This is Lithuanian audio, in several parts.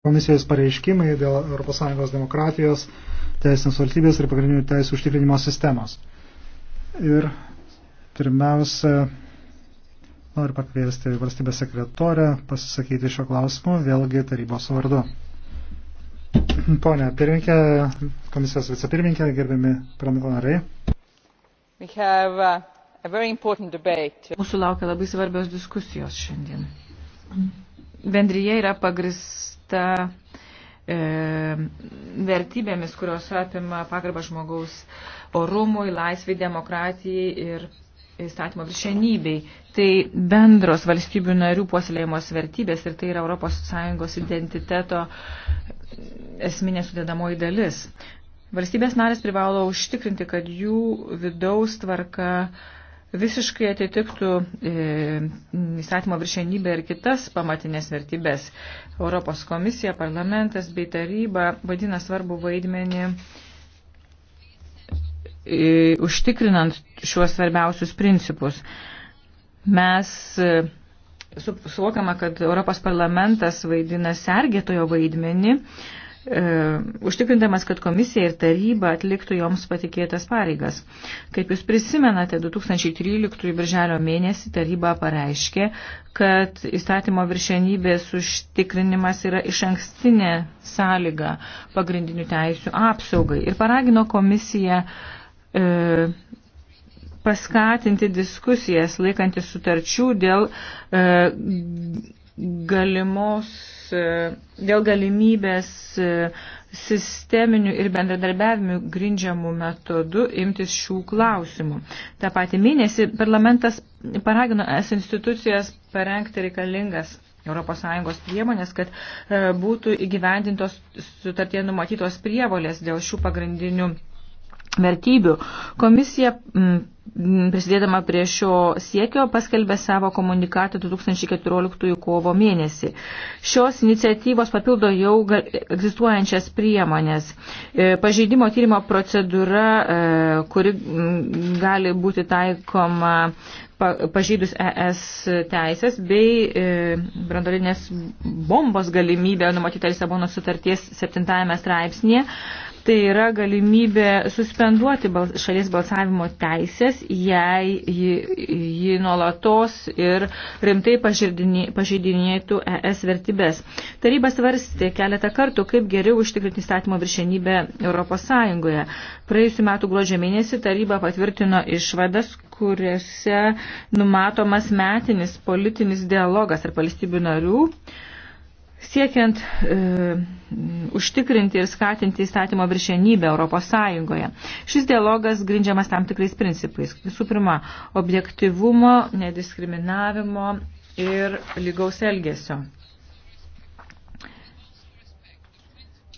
komisijos pareiškimai dėl ES demokratijos, teisinės valstybės ir pagrindinių teisų užtikrinimo sistemos. Ir pirmiausia, noriu pakviesti valstybės sekretorę pasisakyti šio klausimu, vėlgi tarybos vardu. Pone pirminkė, komisijos vicepirminkė, gerbiami parlamentarai. Uh, Mūsų laukia labai svarbios diskusijos šiandien. Bendryje yra pagris grįsta e, vertybėmis, kurios apima pagarbą žmogaus orumui, laisvai, demokratijai ir įstatymo viršenybei. Tai bendros valstybių narių puoselėjimos vertybės ir tai yra ES identiteto esminė sudėdamoji dalis. Valstybės narės privalo užtikrinti, kad jų vidaus tvarka uh, visiškai atitiktų e, įstatymo viršenybę ir kitas pamatinės vertybės. Europos komisija, parlamentas bei taryba vadina svarbu vaidmenį e, užtikrinant šiuos svarbiausius principus. Mes e, suvokiama, kad Europos parlamentas vaidina sergėtojo vaidmenį, E, užtikrindamas, kad komisija ir taryba atliktų joms patikėtas pareigas. Kaip jūs prisimenate, 2013 birželio mėnesį taryba pareiškė, kad įstatymo viršenybės užtikrinimas yra iš ankstinė sąlyga pagrindinių teisių apsaugai ir paragino komisiją e, paskatinti diskusijas laikantis sutarčių dėl e, galimos E, dėl galimybės e, sisteminių ir bendradarbiavimų grindžiamų metodų imtis šių klausimų. Ta pati mėnesį parlamentas paragino es institucijas parengti reikalingas ES priemonės, kad e, būtų įgyvendintos sutartie numatytos prievolės dėl šių pagrindinių vertybių. Komisija m, mm, prisidėdama prie šio siekio paskelbė savo komunikatą 2014 kovo mėnesį. Šios iniciatyvos papildo jau egzistuojančias priemonės. E, pažeidimo tyrimo procedūra, e, kuri mm, gali būti taikoma pažydus ES teisės bei e, brandolinės bombos galimybę numatytą Lisabono sutarties 7 straipsnėje Tai yra galimybė suspenduoti bals, šalies balsavimo teisės, jei ji, ji nuolatos ir rimtai pažeidinėtų ES vertybės. Taryba svarstė keletą kartų, kaip geriau užtikrinti įstatymo viršenybę ES. Praėjusiu metu gruodžio mėnesį taryba patvirtino išvadas, kuriuose numatomas metinis politinis dialogas ar valstybių narių Siekiant e, užtikrinti ir skatinti įstatymo viršienybę Europos Sąjungoje. Šis dialogas grindžiamas tam tikrais principais. Visų pirma, objektivumo, nediskriminavimo ir lygaus elgesio.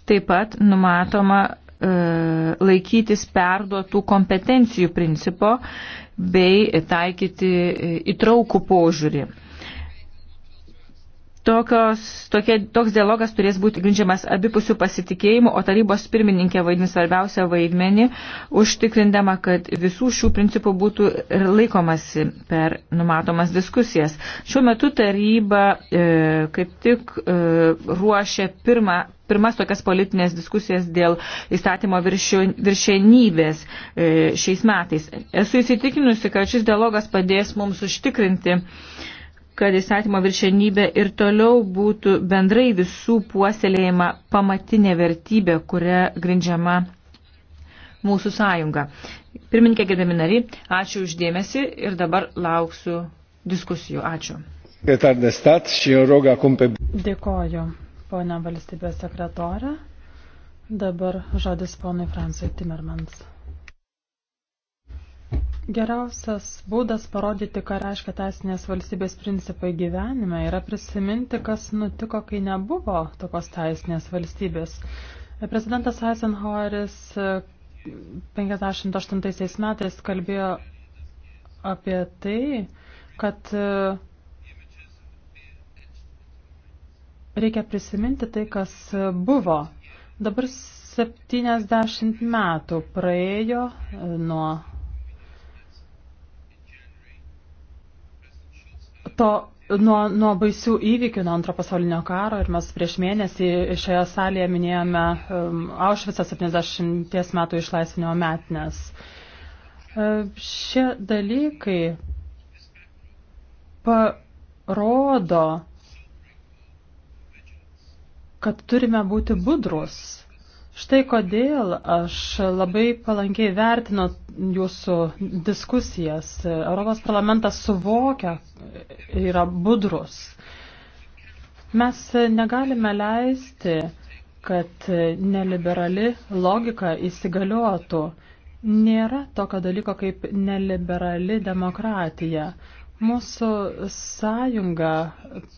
Taip pat numatoma e, laikytis perduotų kompetencijų principo bei taikyti e, įtraukų požiūrį. E, Tokios, tokie, toks dialogas turės būti grindžiamas abipusių pasitikėjimų, o tarybos pirmininkė vaidins svarbiausią vaidmenį, užtikrindama, kad visų šių principų būtų ir laikomasi per numatomas diskusijas. Šiuo metu taryba e, kaip tik e, ruošia pirmą pirmas tokias politinės diskusijas dėl įstatymo viršenybės e, šiais metais. Esu įsitikinusi, kad šis dialogas padės mums užtikrinti kad įstatymo viršenybė ir toliau būtų bendrai visų puoselėjama pamatinė vertybė, kuria grindžiama mūsų sąjunga. Pirminkė gerbiami nariai, ačiū uždėmesi ir dabar lauksiu diskusijų. Ačiū. Dėkoju, ponia valstybės sekretorė. Dabar žodis ponui Fransui Timmermans. Geriausias būdas parodyti, ką reiškia teisinės valstybės principai gyvenime, yra prisiminti, kas nutiko, kai nebuvo tokios teisinės valstybės. Prezidentas Eisenhoweris 58 e, metais kalbėjo apie tai, kad e, reikia prisiminti tai, kas e, buvo. Dabar 70 metų praėjo nuo to nuo, nuo baisių įvykių nuo antro pasaulinio karo ir mes prieš mėnesį šioje salėje minėjome um, Aušvicą 70 metų išlaisvinimo metnes. Um, e, šie dalykai parodo, kad turime būti budrus Štai kodėl aš labai palankiai vertinu jūsų diskusijas. Europos parlamentas suvokia, yra budrus. Mes negalime leisti, kad neliberali logika įsigaliotų. Nėra tokio dalyko kaip neliberali demokratija. Mūsų sąjunga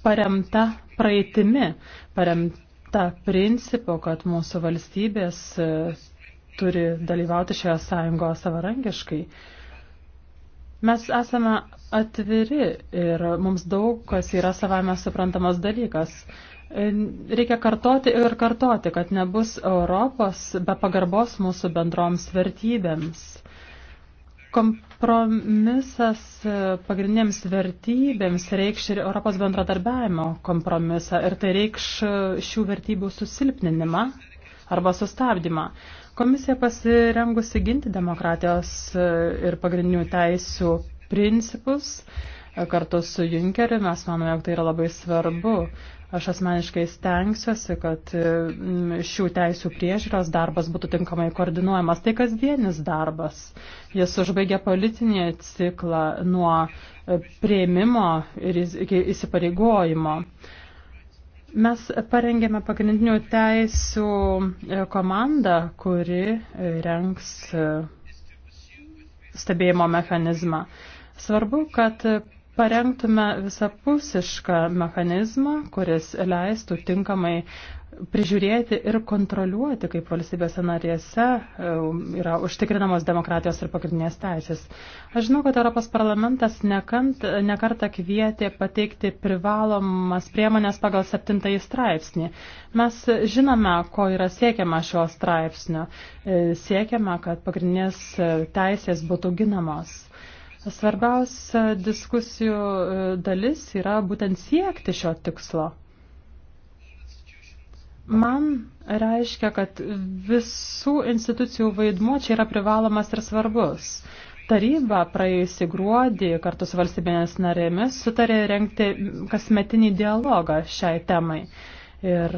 paremta praeitimi, paremta tą principo, kad mūsų valstybės e, turi dalyvauti šioje sąjungoje savarankiškai. Mes esame atviri ir mums daug kas yra savame suprantamas dalykas. E, reikia kartoti ir kartoti, kad nebus Europos be pagarbos mūsų bendroms vertybėms. Kompromisas e, pagrindiniams vertybėms reikš ir Europos bendradarbiavimo kompromisą ir tai reikš e, šių vertybių susilpninimą arba sustabdymą. Komisija pasirengusi ginti demokratijos e, ir pagrindinių teisių principus. Kartu su Junkeriu mes manome, jog tai yra labai svarbu. Aš asmeniškai stengsiuosi, kad mm, šių teisų priežiūros darbas būtų tinkamai koordinuojamas. Tai kasdienis darbas. Jis užbaigia politinį ciklą nuo e, prieimimo ir iki įsipareigojimo. Mes parengėme pagrindinių teisų e, komandą, kuri e, renks stebėjimo mechanizmą. Svarbu, kad parengtume visapusišką mechanizmą, kuris leistų tinkamai prižiūrėti ir kontroliuoti, kaip valstybėse narėse e, yra užtikrinamos demokratijos ir pagrindinės teisės. Aš žinau, kad Europos parlamentas nekant, nekartą kvietė pateikti privalomas priemonės pagal septintąjį straipsnį. Mes žinome, ko yra siekiama šio straipsnio. E, siekiama, kad pagrindinės teisės būtų ginamos. Svarbiausia diskusijų e, dalis yra būtent siekti šio tikslo. Man reiškia, kad visų institucijų vaidmuo čia yra privalomas ir svarbus. Taryba praėjusį gruodį kartu su valstybinės narėmis sutarė renkti kasmetinį dialogą šiai temai. Ir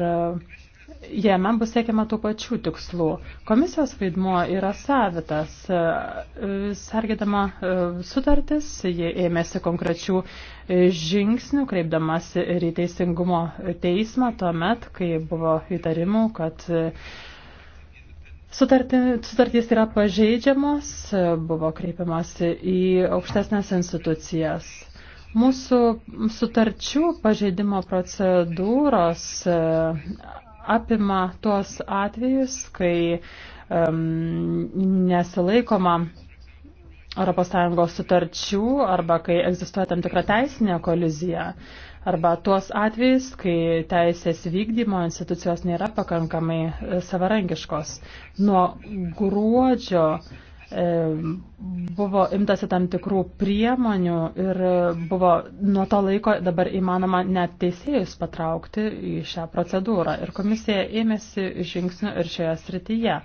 jame bus siekiama tų pačių tikslų. Komisijos vaidmuo yra savitas. Sergėdama e, sutartis, jie ėmėsi konkrečių e, žingsnių, kreipdamasi ir į teisingumo teismą tuo met, kai buvo įtarimų, kad e, sutartys yra pažeidžiamos, buvo kreipiamasi į aukštesnės institucijas. Mūsų sutarčių pažeidimo procedūros apima tuos atvejus, kai um, nesilaikoma ES sutarčių arba kai egzistuoja tam tikra teisinė kolizija arba tuos atvejus, kai teisės vykdymo institucijos nėra pakankamai e, savarankiškos. Nuo gruodžio uh, E, buvo imtasi tam tikrų priemonių ir buvo nuo to laiko dabar įmanoma net teisėjus patraukti į šią procedūrą. Ir komisija ėmėsi žingsnių ir šioje srityje.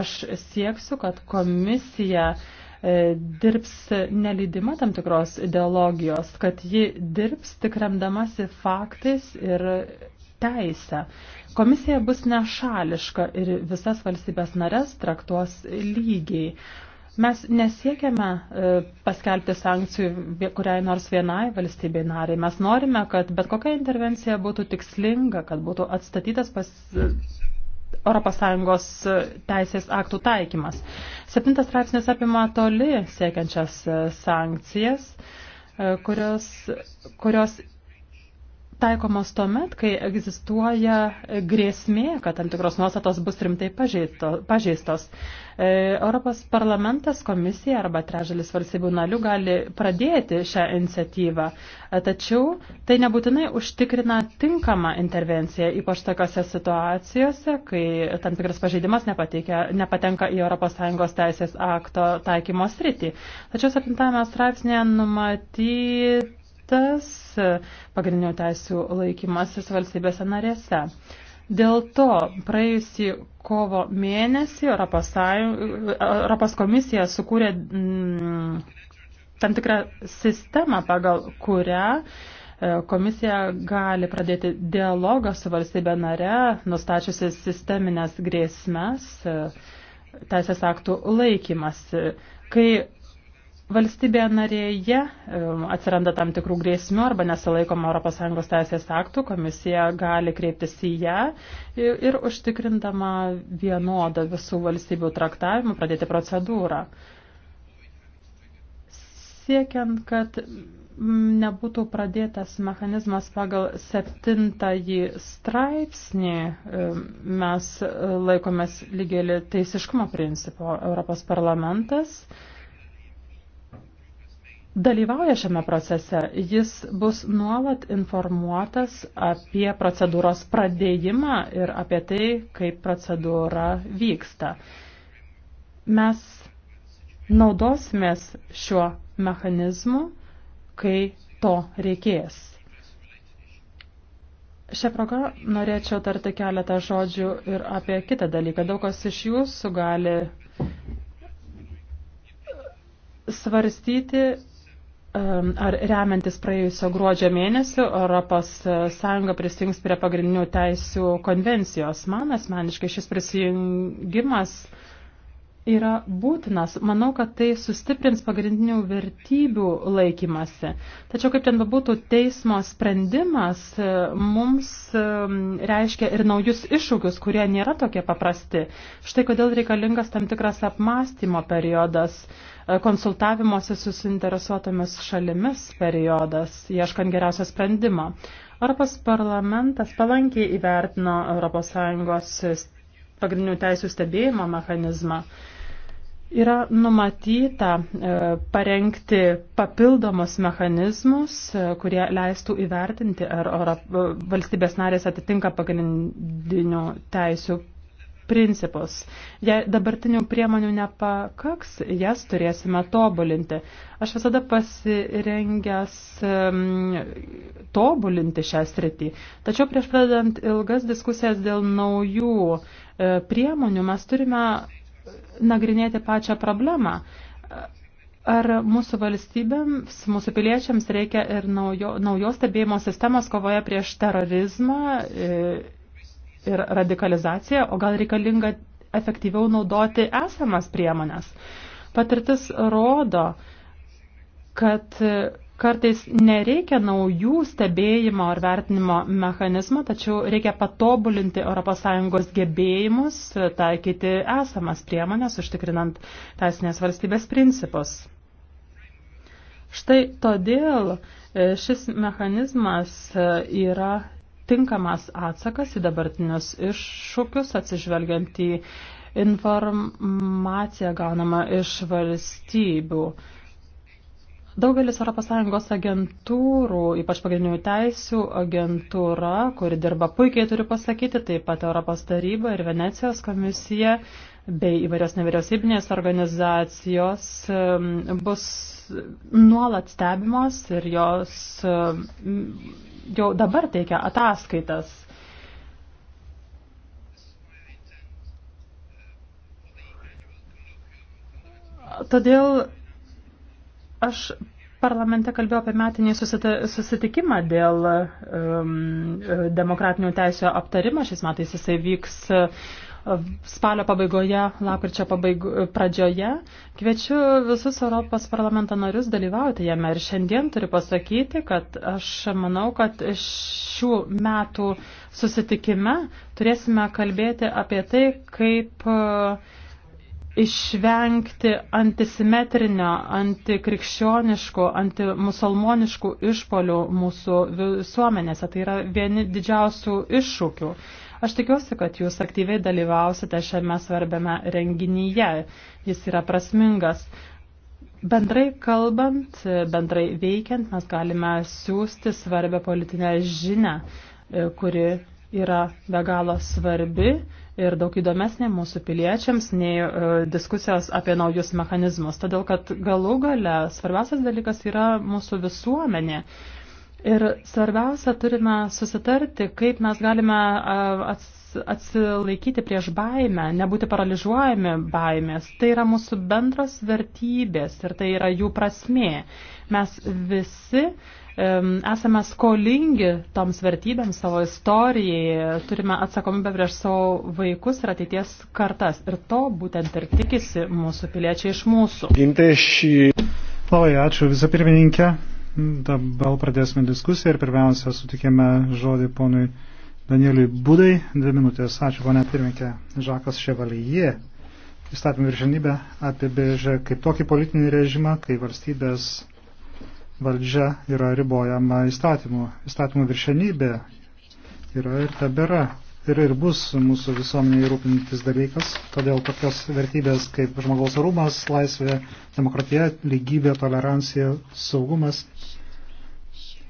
Aš sieksiu, kad komisija e, dirbs nelydima tam tikros ideologijos, kad ji dirbs tik remdamasi faktais ir teisę. Komisija bus nešališka ir visas valstybės narės traktuos lygiai. Mes nesiekiame e, paskelbti sankcijų kuriai nors vienai valstybei nariai. Mes norime, kad bet kokia intervencija būtų tikslinga, kad būtų atstatytas pas ES e, teisės aktų taikymas. Septintas straipsnis apima toli siekiančias e, sankcijas, kurios, kurios taikomos tuomet, kai egzistuoja grėsmė, kad tam tikros nuostatos bus rimtai pažeistos. E, Europos parlamentas, komisija arba trežalis valstybių narių gali pradėti šią iniciatyvą, e, tačiau tai nebūtinai užtikrina tinkamą intervenciją, ypač tokiose situacijose, kai tam tikras pažeidimas nepatenka į ES teisės akto taikymo sritį. Tačiau 7 straipsnėje numatyti aspektas - pagrindinių teisų laikymasis valstybėse narėse. Dėl to praėjusį kovo mėnesį Europos, Sąjung, Europos komisija sukūrė m, mm, tam tikrą sistemą, pagal kurią e, komisija gali pradėti dialogą su valstybė nare, nustačiusi sisteminės grėsmes, e, teisės aktų laikymasi. Kai valstybėje narėje e, atsiranda tam tikrų grėsmių arba nesilaikoma ES teisės aktų, komisija gali kreiptis į ją ir užtikrindama vienodą visų valstybių traktavimą pradėti procedūrą. Siekiant, kad nebūtų pradėtas mechanizmas pagal septintąjį straipsnį, e, mes laikomės lygiai teisiškumo principo Europos parlamentas dalyvauja šiame procese. Jis bus nuolat informuotas apie procedūros pradėjimą ir apie tai, kaip procedūra vyksta. Mes naudosimės šiuo mechanizmu, kai to reikės. Šią progą norėčiau tarti keletą žodžių ir apie kitą dalyką. Daug kas iš jūsų gali svarstyti ar remiantis praėjusio gruodžio mėnesio ES e, prisijungs prie pagrindinių teisių konvencijos. Man asmeniškai šis prisijungimas yra būtinas. Manau, kad tai sustiprins pagrindinių vertybių laikymasi. Tačiau, kaip ten bebūtų, teismo sprendimas e, mums e, reiškia ir naujus iššūkius, kurie nėra tokie paprasti. Štai kodėl reikalingas tam tikras apmąstymo periodas, e, konsultavimuose su suinteresuotomis šalimis periodas, ieškant geriausią sprendimą. Europos parlamentas palankiai įvertino ES pagrindinių teisų stebėjimo mechanizmą. Yra numatyta e, parengti papildomus mechanizmus, e, kurie leistų įvertinti, ar e, valstybės narės atitinka pagrindinių teisių principus. Jei dabartinių priemonių nepakaks, jas turėsime tobulinti. Aš visada pasirengęs um, tobulinti šią sritį. Tačiau prieš pradedant ilgas diskusijas dėl naujų e, priemonių, mes turime nagrinėti pačią problemą. Ar mūsų valstybėms, mūsų piliečiams reikia ir naujo, naujos stebėjimo sistemos kovoje prieš terorizmą e, ir radikalizaciją, o gal reikalinga efektyviau naudoti esamas priemonės? Patirtis rodo, kad Kartais nereikia naujų stebėjimo ar vertinimo mechanizmo, tačiau reikia patobulinti ES gebėjimus, taikyti esamas priemonės, užtikrinant teisinės valstybės principus. Štai todėl e, šis mechanizmas e, yra tinkamas atsakas į dabartinius iššūkius, atsižvelgiant į informaciją gaunamą iš valstybių. Daugelis ES agentūrų, ypač pagrindinių teisių agentūra, kuri dirba puikiai, turiu pasakyti, taip pat Europos taryba ir Venecijos komisija bei įvairios nevyriausybinės organizacijos um, bus nuolat stebimos ir jos um, jau dabar teikia ataskaitas. Todėl Aš parlamente kalbėjau apie metinį susitikimą dėl um, demokratinių teisio aptarimo. Šiais metais jisai vyks uh, spalio pabaigoje, lapkričio pabaigo, pradžioje. Kviečiu visus Europos parlamento narius dalyvauti jame. Ir šiandien turiu pasakyti, kad aš manau, kad šių metų susitikime turėsime kalbėti apie tai, kaip uh, išvengti antisimetrinio, antikrikščioniškų, antimusulmoniškų išpolių mūsų visuomenėse. Tai yra vieni didžiausių iššūkių. Aš tikiuosi, kad jūs aktyviai dalyvausite šiame svarbiame renginyje. Jis yra prasmingas. Bendrai kalbant, bendrai veikiant, mes galime siūsti svarbę politinę žinę, kuri yra be galo svarbi ir daug įdomesnė mūsų piliečiams nei e, diskusijos apie naujus mechanizmus, todėl kad galų gale svarbiausias dalykas yra mūsų visuomenė. Ir svarbiausia, turime susitarti, kaip mes galime e, atsilaikyti prieš baimę, nebūti paralyžiuojami baimės. Tai yra mūsų bendros vertybės ir tai yra jų prasmė. Mes visi uh, Esame skolingi toms vertybėms savo istorijai, turime atsakomybę prieš savo vaikus ir ateities kartas. Ir to būtent ir tikisi mūsų piliečiai iš mūsų. Labai ačiū vicepirmininkė. Dabar pradėsime diskusiją ir pirmiausia sutikėme žodį ponui Danieliui Budai. Dvi minutės. Ačiū, ponė pirmininkė. Žakas Ševalyje įstatymų viršenybę apibrėžia kaip tokį politinį režimą, kai valstybės valdžia yra ribojama įstatymų. Įstatymų viršenybė yra ir tebėra. Ir, ir bus mūsų visuomeniai rūpintis dalykas. Todėl tokios vertybės kaip žmogaus arumas, laisvė, demokratija, lygybė, tolerancija, saugumas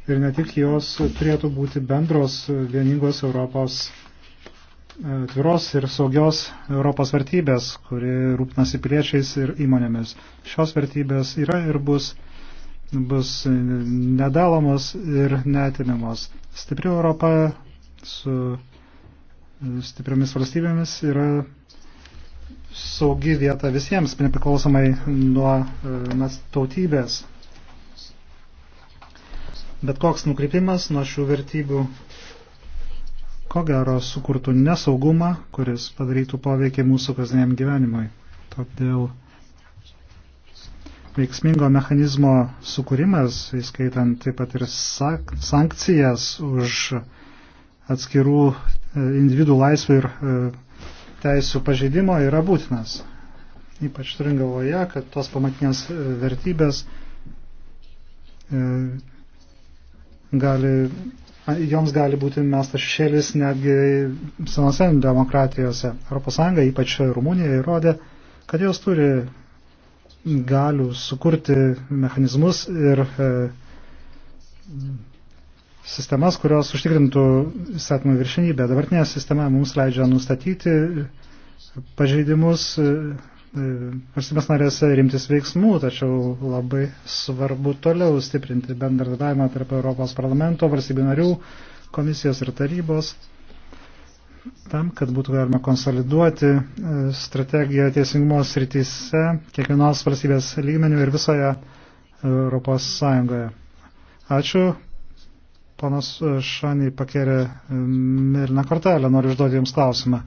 ir ne tik jos turėtų būti bendros vieningos Europos e, tviros ir saugios Europos vertybės, kuri rūpnasi piliečiais ir įmonėmis. Šios vertybės yra ir bus bus nedalomos ir netimimos. Stipri Europa su stipriomis valstybėmis yra saugi vieta visiems, nepriklausomai nuo e, tautybės. Bet koks nukrypimas nuo šių vertybių, ko gero, sukurtų nesaugumą, kuris padarytų poveikį mūsų kasdieniam gyvenimui. Todėl veiksmingo mechanizmo sukūrimas, įskaitant taip pat ir sankcijas už atskirų e, individų laisvų ir e, teisų pažeidimo, yra būtinas. Ypač turint galvoje, kad tos pamatinės e, vertybės gali, joms gali būti mestas šešėlis netgi senose demokratijose. Europos Sąjunga, ypač Rumunija, įrodė, kad jos turi galių sukurti mechanizmus ir e, sistemas, kurios užtikrintų įstatymų viršinybę. Dabartinė sistema mums leidžia nustatyti pažeidimus e, e, valstybės narėse rimtis veiksmų, tačiau labai svarbu toliau stiprinti bendradarbiavimą tarp Europos parlamento, valstybių narių, komisijos ir tarybos tam, kad būtų galima konsoliduoti e, strategiją teisingumo srityse kiekvienos valstybės lygmenių ir visoje Europos Sąjungoje. Ačiū. Panas e, Šanį pakėrė e, mirną kortelę. Noriu užduoti Jums klausimą.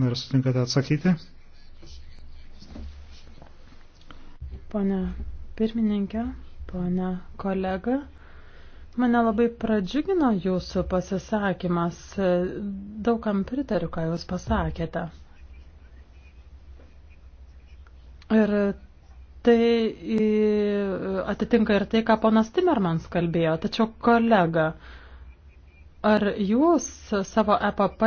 Ar sutinkate atsakyti? Pone pirmininkė, pone kolega, Mane labai pradžiugino jūsų pasisakymas. Daugam pritariu, ką jūs pasakėte. Ir tai atitinka ir tai, ką ponas Timermans kalbėjo. Tačiau kolega, uh, Ar jūs savo EPP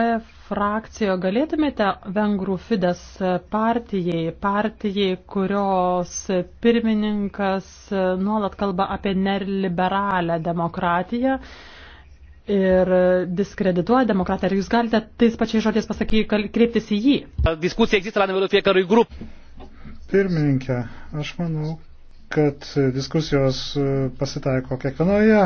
frakcijoje galėtumėte Vengrų Fides partijai, partijai, kurios pirmininkas nuolat kalba apie neliberalę demokratiją ir diskredituoja demokratiją? Ar jūs galite tais pačiais žodžiais pasakyti, kreiptis į jį? Diskusija egzista la nivelul fiecărui grup. Pirmininkė, aš manau, kad diskusijos pasitaiko kiekvienoje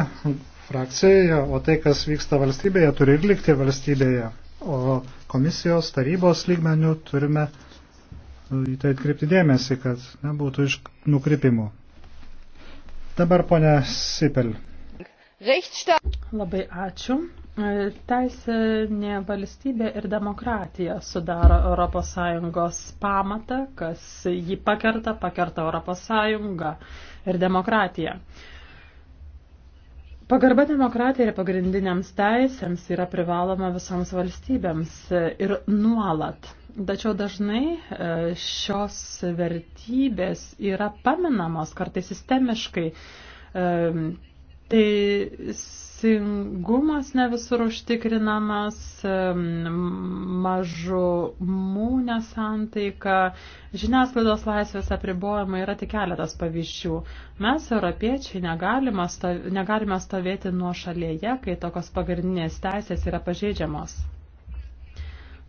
frakcijoje, o tai, kas vyksta valstybėje, turi ir likti valstybėje. O komisijos tarybos lygmenių turime e, į tai atkreipti dėmesį, kad nebūtų iš nukrypimų. Dabar ponia Sipel. Labai ačiū. E, Teisinė valstybė ir demokratija sudaro ES pamatą, kas jį pakerta, pakerta ES ir demokratiją. Pagarba demokratija ir pagrindiniams teisėms yra privaloma visoms valstybėms ir nuolat. Tačiau dažnai e, šios vertybės yra paminamos kartai sistemiškai. E, tai teisingumas ne visur užtikrinamas, mažumų nesantaika, žiniasklaidos laisvės apribojimai yra tik keletas pavyzdžių. Mes, europiečiai, negalime, stovėti, negalime stovėti nuo šalyje, kai tokios pagrindinės teisės yra pažeidžiamos.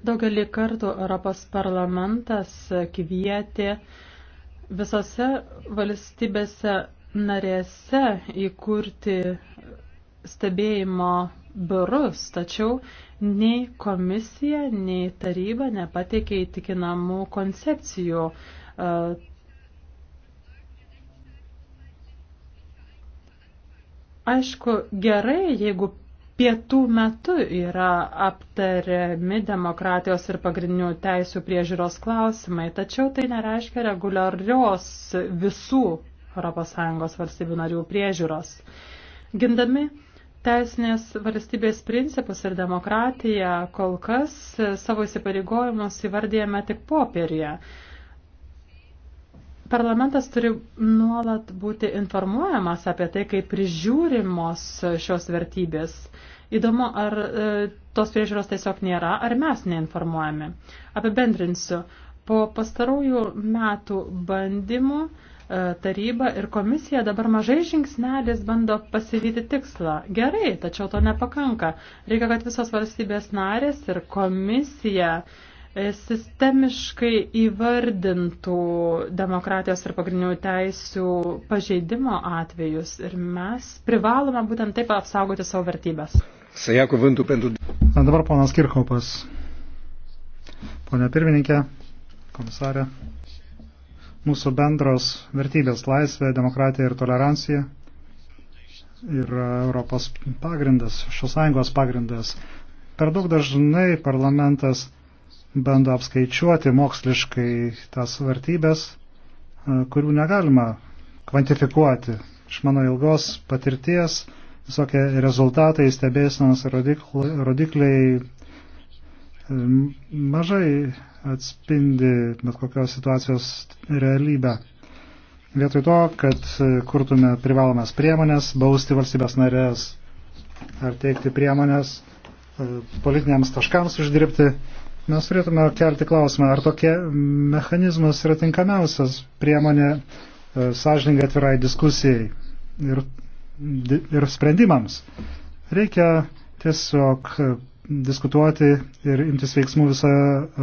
Daugelį kartų Europos parlamentas kvietė visose valstybėse narėse įkurti stebėjimo biurus, tačiau nei komisija, nei taryba nepateikė įtikinamų koncepcijų. E, aišku, gerai, jeigu pietų metu yra aptariami demokratijos ir pagrindinių teisų priežiūros klausimai, tačiau tai nereiškia reguliarios visų ES valstybių narių priežiūros. Gindami teisinės valstybės principus ir demokratiją kol kas e, savo įsipareigojimus įvardėjame tik popierėje. Parlamentas turi nuolat būti informuojamas apie tai, kaip prižiūrimos šios vertybės. Įdomu, ar e, tos priežiūros tiesiog nėra, ar mes neinformuojame. Apibendrinsiu, po pastarųjų metų bandymų e, taryba ir komisija dabar mažai žingsnelis bando pasivyti tikslą. Gerai, tačiau to nepakanka. Reikia, kad visos valstybės narės ir komisija e, sistemiškai įvardintų demokratijos ir pagrindinių teisių pažeidimo atvejus ir mes privalome būtent taip apsaugoti savo vertybės. Na, dabar ponas Kirchopas. Pone pirmininkė, komisarė. Mūsų bendros vertybės - laisvė, demokratija ir tolerancija yra Europos pagrindas, šios sąjungos pagrindas. Per daug dažnai parlamentas bando apskaičiuoti moksliškai tas vertybės, e, kurių negalima kvantifikuoti. Iš mano ilgos patirties visokie rezultatai, stebėsinos rodikliai e, mažai atspindi bet kokios situacijos realybę. Vietoj to, kad kurtume privalomas priemonės, bausti valstybės narės ar teikti priemonės e, politiniams taškams uždirbti, mes turėtume kelti klausimą, ar tokie mechanizmas yra tinkamiausias priemonė e, sąžininkai atvirai diskusijai ir, ir sprendimams. Reikia tiesiog diskutuoti ir imtis veiksmų visą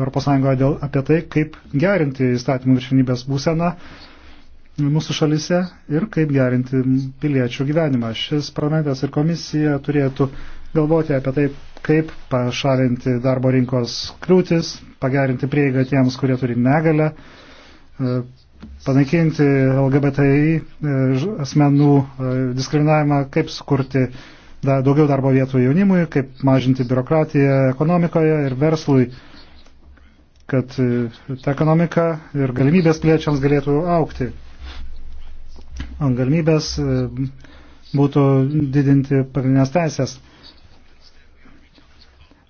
ES dėl apie tai, kaip gerinti įstatymų viršinybės būseną mūsų šalise ir kaip gerinti piliečių gyvenimą. Šis parlamentas ir komisija turėtų galvoti apie tai, kaip pašalinti darbo rinkos kliūtis, pagerinti prieigą tiems, kurie turi negalę, e, panaikinti LGBTI e, asmenų e, diskriminavimą, kaip sukurti da, daugiau darbo vietų jaunimui, kaip mažinti biurokratiją ekonomikoje ir verslui, kad e, ta ekonomika ir galimybės piliečiams galėtų aukti. O galimybės e, būtų didinti pagrindinės teisės.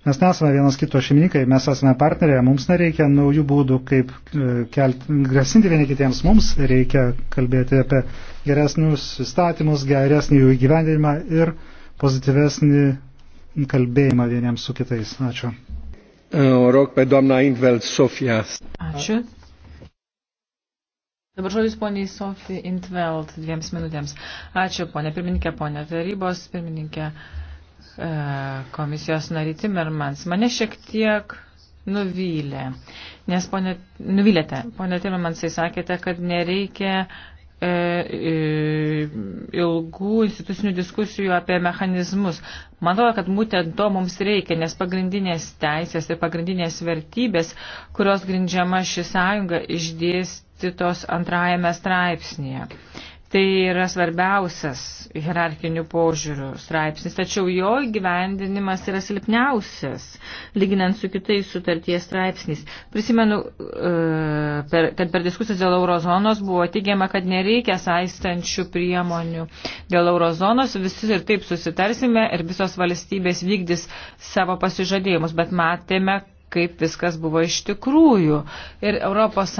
Mes nesame vienas kito šeimininkai, mes esame partneriai, mums nereikia naujų būdų, kaip e, kelt, grasinti vieni kitiems, mums reikia kalbėti apie geresnius įstatymus, geresnį jų įgyvendinimą ir uh, pozityvesnį kalbėjimą vieniems su kitais. Ačiū. Rok pe doamna Invel Sofia. Ačiū. Dabar žodis poniai Sofija Intveld dviems minutėms. Ačiū, ponė pirmininkė, ponė tarybos pirmininkė, e, komisijos nariai Timmermans. Mane šiek tiek nuvylė, nes ponė, nuvylėte, ponė Timmermansai sakėte, kad nereikia uh, E, e, ilgų institucinių diskusijų apie mechanizmus. Man atrodo, kad būtent to mums reikia, nes pagrindinės teisės ir pagrindinės vertybės, kurios grindžiama ši sąjunga, išdėstytos antrajame straipsnėje. Tai yra svarbiausias hierarchinių požiūrių straipsnis, tačiau jo gyvendinimas yra silpniausias, lyginant su kitais sutarties straipsniais. Prisimenu, e, kad per diskusijas dėl eurozonos buvo teigiama, kad nereikia saistančių priemonių. Dėl eurozonos visi ir taip susitarsime ir visos valstybės vykdys savo pasižadėjimus, bet matėme, kaip viskas buvo iš tikrųjų. Ir ES,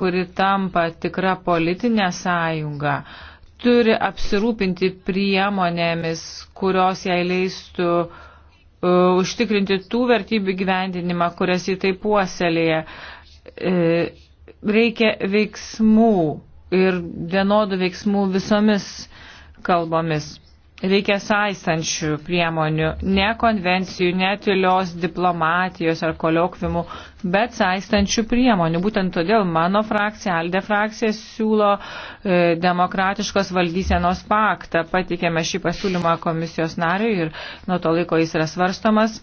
kuri tampa tikra politinė sąjunga, turi apsirūpinti priemonėmis, kurios jai leistų uh, užtikrinti tų vertybių gyvendinimą, kurias jį taip puoselėje. Uh, reikia veiksmų ir vienodų veiksmų visomis kalbomis. Reikia saistančių priemonių, ne konvencijų, netilios diplomatijos ar koliokvimų, bet saistančių priemonių. Būtent todėl mano frakcija, Alde frakcija, siūlo e, demokratiškos valdysenos paktą. Patikėme šį pasiūlymą komisijos nariui ir nuo to laiko jis yra svarstomas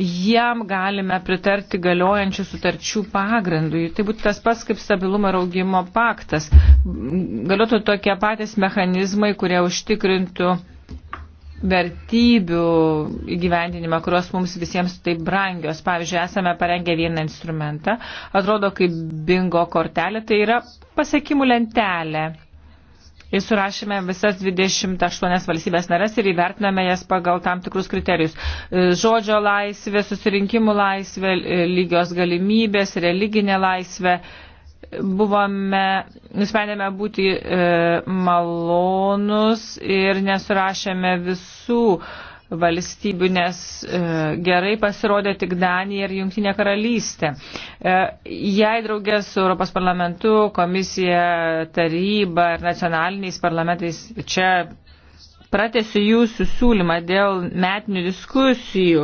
jam galime pritarti galiojančių sutarčių pagrindų. Tai būtų tas pats kaip stabilumo ir augimo paktas. Galėtų tokie patys mechanizmai, kurie užtikrintų vertybių įgyvendinimą, kurios mums visiems taip brangios. Pavyzdžiui, esame parengę vieną instrumentą, atrodo kaip bingo kortelė, tai yra pasiekimų lentelė ir surašėme visas 28 valstybės nares ir įvertiname jas pagal tam tikrus kriterijus. E, žodžio laisvė, susirinkimų laisvė, e, lygios galimybės, religinė laisvė. Buvome, nusprendėme būti e, malonus ir nesurašėme visų e, valstybių, nes e, gerai pasirodė tik Danija ir Junktinė karalystė. E, jei draugės su Europos parlamentu, komisija, taryba ir nacionaliniais parlamentais čia pratesiu jūsų siūlymą dėl metinių diskusijų.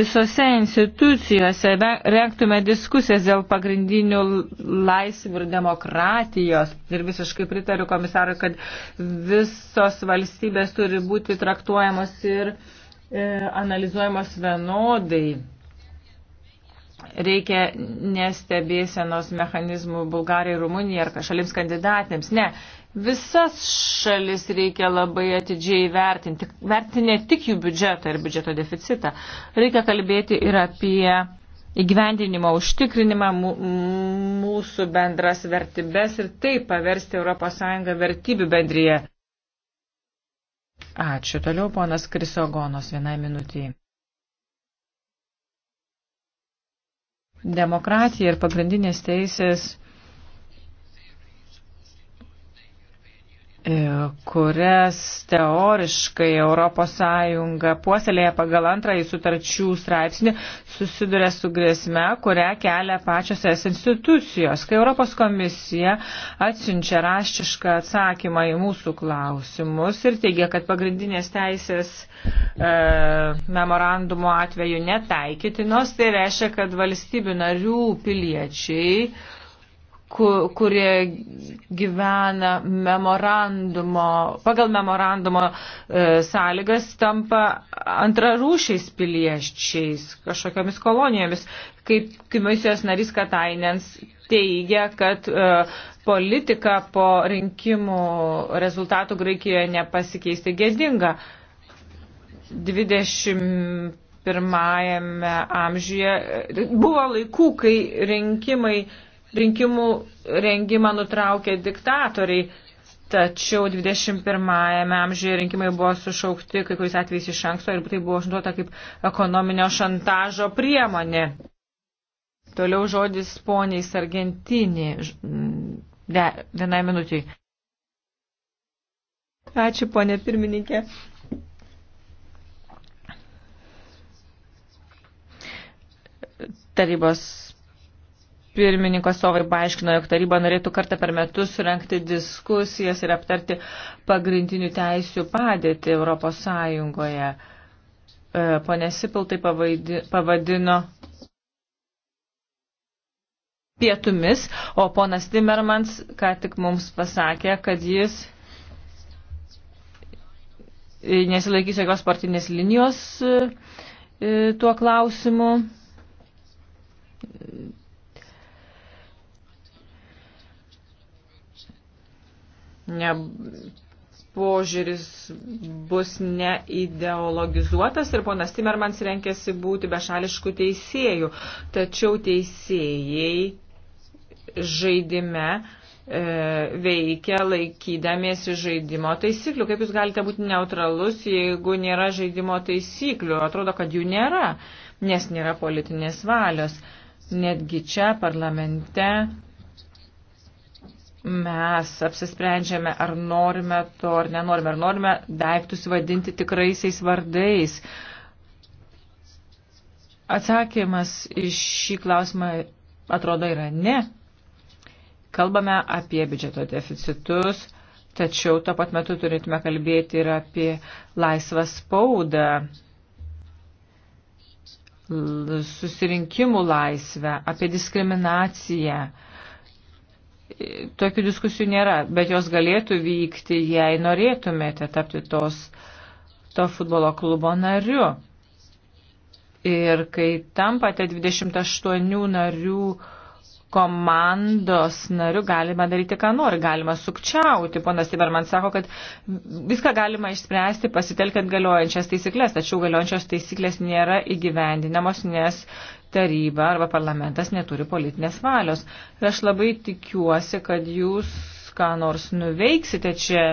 Visose institucijose renktume diskusijas dėl pagrindinių laisvių ir demokratijos. Ir visiškai pritariu komisarui, kad visos valstybės turi būti traktuojamos ir e, analizuojamos vienodai reikia nestebėsenos mechanizmų Bulgarijai, Rumunijai ar kažkalims kandidatėms. Ne, Visas šalis reikia labai atidžiai vertinti, vertinti ne tik jų biudžetą ir biudžeto deficitą. Reikia kalbėti ir apie įgyvendinimo užtikrinimą, mūsų bendras vertybės ir taip paversti ES vertybių bendryje. Ačiū. Toliau ponas Krisogonos vienai minutį. Demokratija ir pagrindinės teisės E, kurias teoriškai ES puoselėje pagal antrąjį sutarčių straipsnį susiduria su grėsme, kurią kelia pačios es institucijos. Kai Europos komisija atsiunčia raštišką atsakymą į mūsų klausimus ir teigia, kad pagrindinės teisės e, memorandumo atveju netaikytinos, tai reiškia, kad valstybių narių piliečiai kurie gyvena memorandumo, pagal memorandumo e, sąlygas tampa antrarūšiais piliečiais, kažkokiamis kolonijomis. Kaip komisijos narys Katainens teigia, kad e, politika po rinkimų rezultatų Graikijoje nepasikeisti gėdinga. 21 amžiuje e, buvo laikų, kai rinkimai Rinkimų rengimą nutraukė diktatoriai, tačiau 21-ame amžiuje rinkimai buvo sušaukti kai kuriais atvejais iš anksto ir tai buvo užduota kaip ekonominio šantažo priemonė. Toliau žodis poniai Sargentinį. De, vienai minutiai. Ačiū, ponė pirmininkė. Tarybos pirmininko sovai paaiškino, jog taryba norėtų kartą per metus surenkti diskusijas ir aptarti pagrindinių teisių padėtį Europos Sąjungoje. E, Pone Sipil tai pavadino pietumis, o ponas Timmermans ką tik mums pasakė, kad jis nesilaikys jokios partinės linijos e, tuo klausimu ne, požiūris bus neideologizuotas ir ponas Timermans renkėsi būti bešališkų teisėjų. Tačiau teisėjai žaidime e, veikia laikydamiesi žaidimo taisyklių. Kaip jūs galite būti neutralus, jeigu nėra žaidimo taisyklių? Atrodo, kad jų nėra, nes nėra politinės valios. Netgi čia parlamente mes apsisprendžiame, ar norime to, ar nenorime, ar norime daiktus vadinti tikraisiais vardais. Atsakymas iš šį klausimą atrodo yra ne. Kalbame apie biudžeto deficitus, tačiau tuo pat metu turėtume kalbėti ir apie laisvą spaudą, susirinkimų laisvę, apie diskriminaciją tokių diskusijų nėra, bet jos galėtų vykti, jei norėtumėte tapti tos, to futbolo klubo nariu. Ir kai tampate 28 narių komandos nariu galima daryti, ką nori, galima sukčiauti. Ponas Tiberman sako, kad viską galima išspręsti pasitelkiant galiojančias taisyklės, tačiau galiojančios taisyklės nėra įgyvendinamos, nes taryba arba parlamentas neturi politinės valios. Ir aš labai tikiuosi, kad jūs ką nors nuveiksite čia.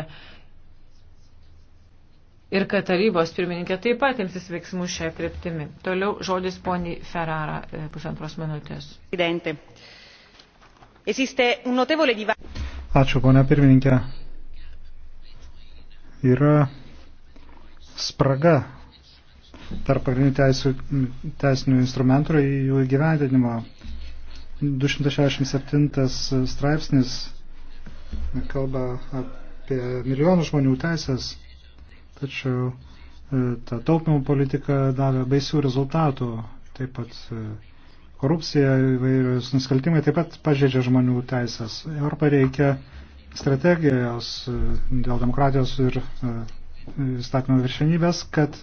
Ir kad tarybos pirmininkė taip pat imsis veiksmų šią kryptimį. Toliau žodis poniai Ferrara e, pusantros minutės. Įdenti. Esiste un notevole divario. Ačiū, ponia pirmininkė. Yra spraga tarp pagrindinių teisų, teisinių instrumentų ir jų įgyvendinimo. 267 straipsnis kalba apie milijonų žmonių teisės, tačiau e, ta taupimo politika davė baisių rezultatų, taip pat e, korupcija, įvairius nusikaltimai taip pat pažeidžia žmonių teisės. Europai reikia strategijos e, dėl demokratijos ir e, įstatymų viršenybės, kad e,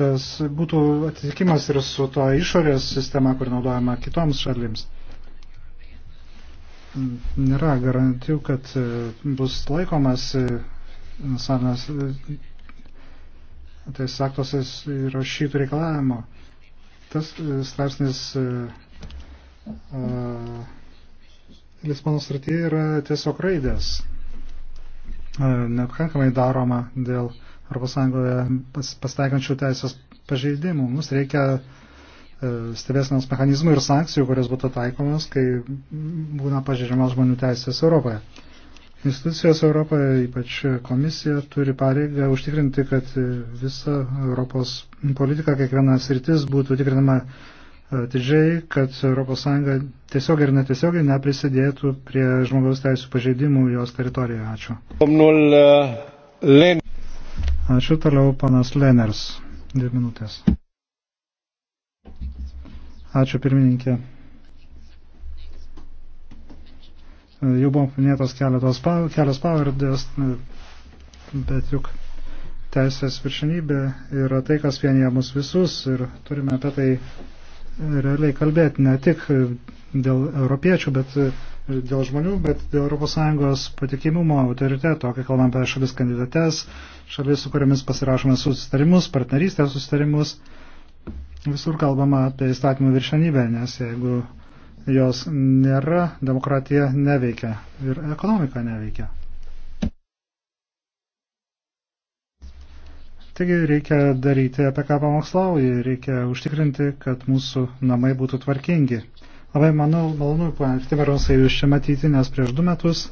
tas būtų atitikimas ir su to išorės sistema, kur naudojama kitoms šalims. Nėra garantijų, kad bus laikomas nacionalinės teisės aktos įrašytų reikalavimo. Tas e, straipsnis e, e, Lisbono stratyje yra tiesiog raidės. Nepakankamai daroma dėl ES pastaikančių teisės pažeidimų. Mums reikia stebėsinos mechanizmų ir sankcijų, kurios būtų taikomas, kai būna pažeidžiamas žmonių teisės Europoje. Institucijos Europoje, ypač komisija, turi pareigą užtikrinti, kad visa Europos politika, kiekvienas rytis būtų tikrinama e, atidžiai, kad ES tiesiog ir netiesiogiai neprisidėtų prie žmogaus teisų pažeidimų jos teritorijoje. Ačiū. E, Ačiū toliau, panas Leners. Dvi minutės. Ačiū pirmininkė. Jau buvo paminėtos keletos, kelios pavardės, bet juk teisės viršinybė yra tai, kas vienyje mus visus ir turime apie tai realiai kalbėti ne tik dėl europiečių, bet ir dėl žmonių, bet dėl ES patikimumo, autoriteto, kai kalbam apie šalis kandidates, šalis, su kuriamis pasirašome susitarimus, partnerystės susitarimus, visur kalbama apie įstatymų viršenybę, nes jeigu jos nėra, demokratija neveikia ir ekonomika neveikia. Taigi reikia daryti apie ką pamokslauji, reikia užtikrinti, kad mūsų namai būtų tvarkingi. Labai manau, malonu, pana Timerosai, jūs čia matyti, nes prieš du metus,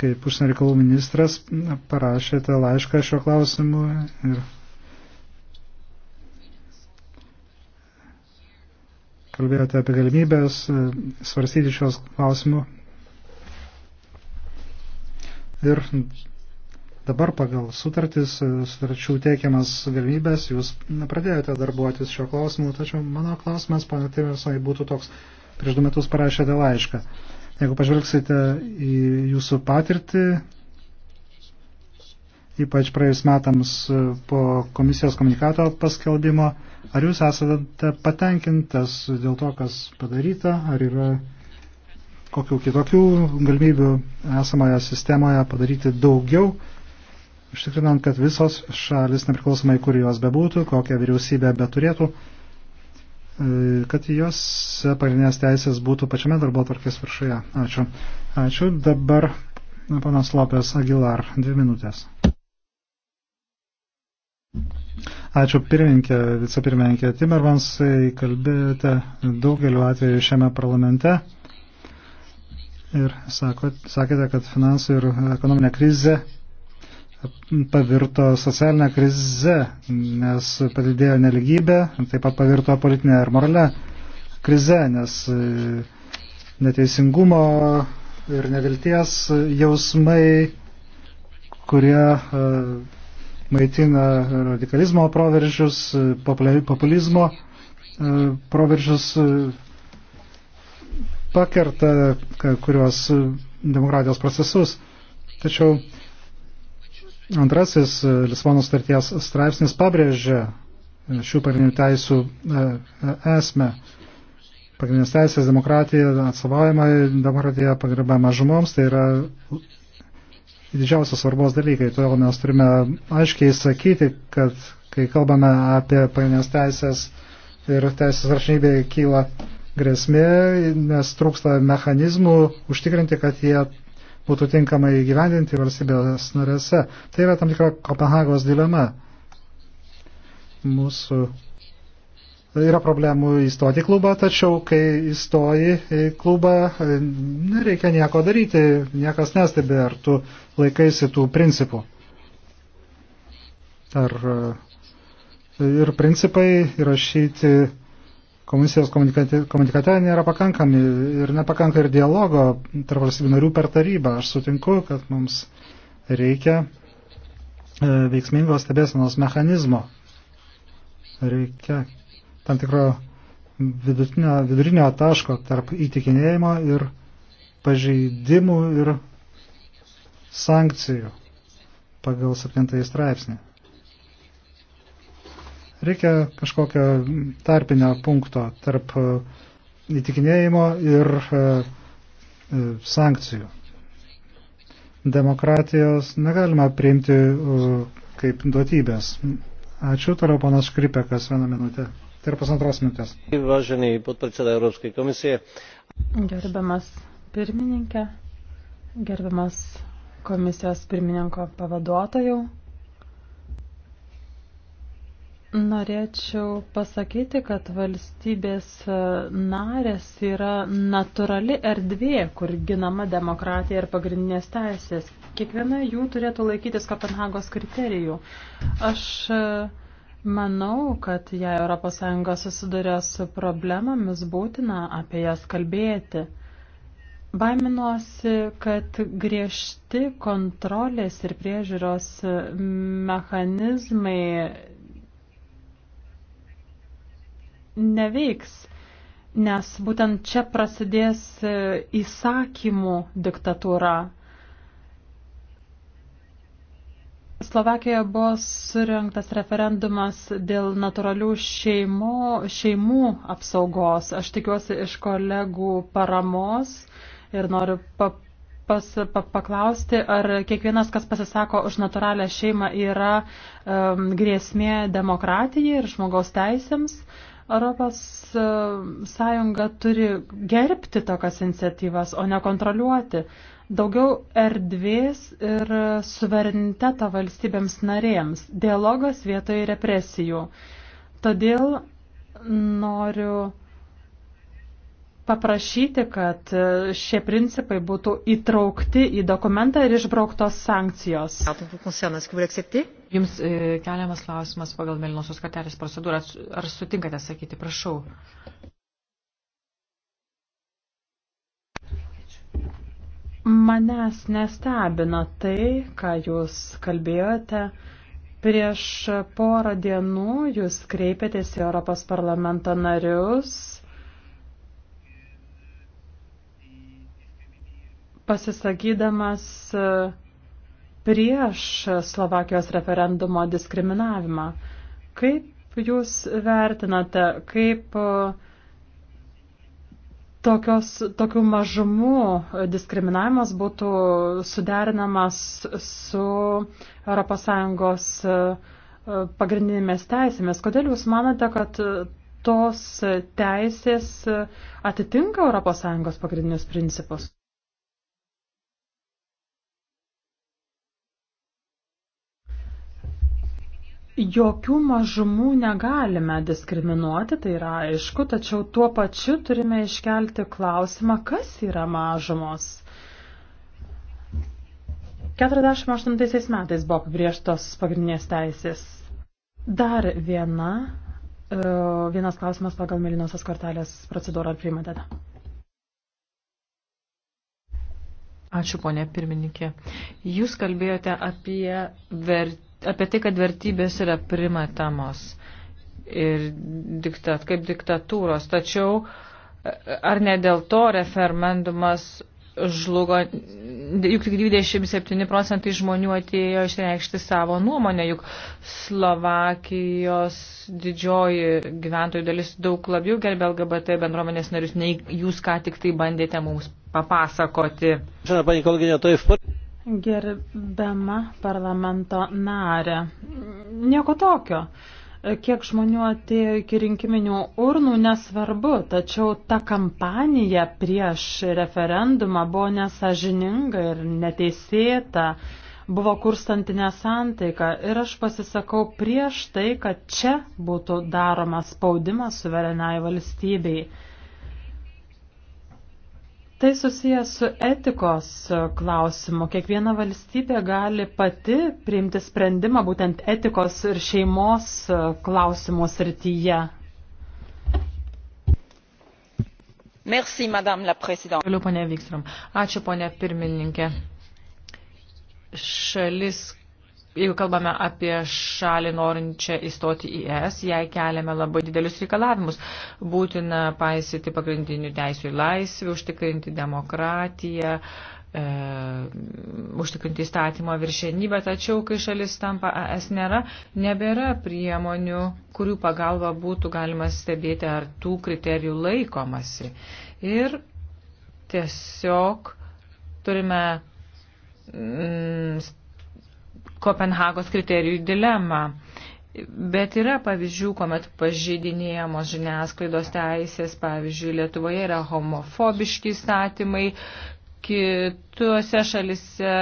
kaip užsienio reikalų ministras, parašėte laišką šio klausimu ir kalbėjote apie galimybės e, svarstyti šios klausimų. Ir dabar pagal sutartis, e, sutarčių teikiamas galimybės, jūs pradėjote darbuotis šio klausimu, tačiau mano klausimas, pana Timersai, būtų toks, prieš du metus parašėte laišką. Jeigu pažvelgsite į jūsų patirtį, ypač praėjus metams po komisijos komunikato paskelbimo, Ar jūs esate patenkintas dėl to, kas padaryta, ar yra kokių kitokių galimybių esamoje sistemoje padaryti daugiau, užtikrinant, kad visos šalis, nepriklausomai kur jos bebūtų, kokią vyriausybę beturėtų, e, kad jos pagrindinės teisės būtų pačiame darbo tvarkės viršuje. Ačiū. Ačiū. Dabar panas Lopės Agilar, dvi minutės. Ačiū pirmininkė, vicepirmininkė Timmermans, kalbėjote daugeliu atveju šiame parlamente ir sakot, sakėte, kad finansų ir ekonominė krizė pavirto socialinę krizę, nes padidėjo neligybė, taip pat pavirto politinė ir moralė krize, nes e, neteisingumo ir nevilties jausmai, kurie e, maitina radikalizmo proveržius, populizmo e, proveržius, e, pakerta kuriuos demokratijos procesus. Tačiau antrasis Lisbonos starties straipsnis pabrėžia šių pagrindinių teisų e, esmę. Pagrindinės teisės demokratija, atstovaujama demokratija, pagarba mažumoms, tai yra didžiausios svarbos dalykai. Todėl mes turime aiškiai sakyti, kad kai kalbame apie painės teisės ir teisės rašinybėje kyla grėsmė, nes trūksta mechanizmų užtikrinti, kad jie būtų tinkamai gyvendinti valstybės narėse. Tai yra tam tikra Kopenhagos dilema. Mūsų yra problemų įstoti į klubą, tačiau kai įstoji į klubą, e, nereikia nieko daryti, niekas nestebi, ar tu laikaisi tų principų. Ar e, ir principai įrašyti komisijos komunikate, komunikate nėra pakankami ir nepakanka ir dialogo tarp valstybių narių per tarybą. Aš sutinku, kad mums reikia e, veiksmingos stebėsenos mechanizmo. Reikia tam tikro vidutinio, vidurinio taško tarp įtikinėjimo ir pažeidimų ir sankcijų pagal 7 straipsnį. Reikia kažkokio tarpinio punkto tarp e, įtikinėjimo ir e, e, sankcijų. Demokratijos negalima priimti kaip duotybės. Ačiū, toliau panas Škripekas, vieną minutę. Tai yra pusantros minutės. Gerbiamas pirmininkė, gerbiamas komisijos pirmininko pavaduotojų. Norėčiau pasakyti, kad valstybės narės yra natūrali erdvė, kur ginama demokratija ir pagrindinės teisės. Kiekviena jų turėtų laikytis Kopenhagos kriterijų. Aš uh, Manau, kad jei ES susiduria su problemomis, būtina apie jas kalbėti. Baiminuosi, kad griežti kontrolės ir priežiūros mechanizmai neveiks, nes būtent čia prasidės įsakymų diktatūra. Slovakijoje buvo surinktas referendumas dėl natūralių šeimo, šeimų apsaugos. Aš tikiuosi iš kolegų paramos ir noriu pap, pas, pap, paklausti, ar kiekvienas, kas pasisako už natūralią šeimą, yra um, grėsmė demokratijai ir žmogaus teisėms. Europos Sąjunga turi gerbti tokias iniciatyvas, o ne kontroliuoti. Uh, daugiau erdvės ir suverenitetą valstybėms narėms, dialogas vietoje represijų. Todėl noriu paprašyti, kad šie principai būtų įtraukti į dokumentą ir išbrauktos sankcijos. Jums e, keliamas klausimas pagal Melinosios kartelės procedūrą. Ar sutinkate sakyti, prašau? Manęs nestebina tai, ką jūs kalbėjote. Prieš porą dienų jūs kreipėtės į Europos parlamento narius, pasisakydamas e, prieš Slovakijos referendumo diskriminavimą. Kaip jūs vertinate, kaip uh, tokios, tokių mažumų e, diskriminavimas būtų suderinamas su ES e, e, pagrindinėmis teisėmis. Kodėl Jūs manote, kad tos teisės atitinka ES pagrindinius principus? Jokių mažumų negalime diskriminuoti, tai yra aišku, tačiau tuo pačiu turime iškelti klausimą, kas yra mažumos. 48 metais buvo apibrieštos pagrindinės teisės. Dar viena, e, vienas klausimas pagal Melinosios kortelės procedūrą ar priimate. Ačiū, ponė pirmininkė. Jūs kalbėjote apie vertimą apie tai, kad vertybės yra primetamos ir diktat, kaip diktatūros. Tačiau ar ne dėl to referendumas žlugo, juk tik 27 procentai žmonių atėjo išreikšti savo nuomonę, juk Slovakijos didžioji gyventojų dalis daug labiau gerbė LGBT bendruomenės narius, nei jūs ką tik tai bandėte mums papasakoti. Žinoma, Gerbiama parlamento narė, nieko tokio. Kiek žmonių atėjo iki rinkiminių urnų, nesvarbu, tačiau ta kampanija prieš referendumą buvo nesažininga ir neteisėta, buvo kurstanti nesantaika ir aš pasisakau prieš tai, kad čia būtų daromas spaudimas suvereniai valstybei. Tai susijęs su etikos klausimu. Kiekviena valstybė gali pati priimti sprendimą būtent etikos ir šeimos klausimų srityje. Merci, madame la présidente. Toliau, ponė Vikstrom. Ačiū, ponė pirmininkė. Šalis, jeigu kalbame apie šalį norinčią įstoti į ES, jai keliame labai didelius reikalavimus. Būtina paisyti pagrindinių teisų ir laisvių, užtikrinti demokratiją, e, užtikrinti įstatymo viršenybę, tačiau kai šalis tampa ES nėra, nebėra priemonių, kurių pagalba būtų galima stebėti, ar tų kriterijų laikomasi. Ir tiesiog turime mm, Kopenhagos kriterijų dilemą. Bet yra pavyzdžių, kuomet pažeidinėjamos žiniasklaidos teisės, pavyzdžiui, Lietuvoje yra homofobiški įstatymai, kitose šalise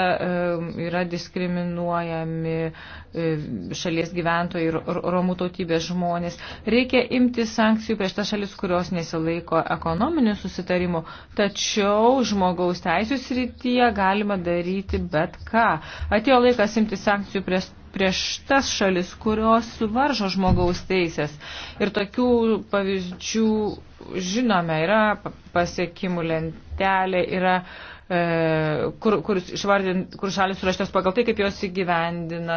yra diskriminuojami šalies gyventojai ir romų tautybės žmonės. Reikia imti sankcijų prieš tas šalis, kurios nesilaiko ekonominių susitarimų, tačiau žmogaus teisų srityje galima daryti bet ką. Atėjo laikas imti sankcijų prieš prieš tas šalis, kurios suvaržo žmogaus teisės. Ir tokių pavyzdžių žinome, yra pasiekimų lentelė, yra uh, E, kur, kur, išvardint, kur šalis surašytos pagal tai, kaip jos įgyvendina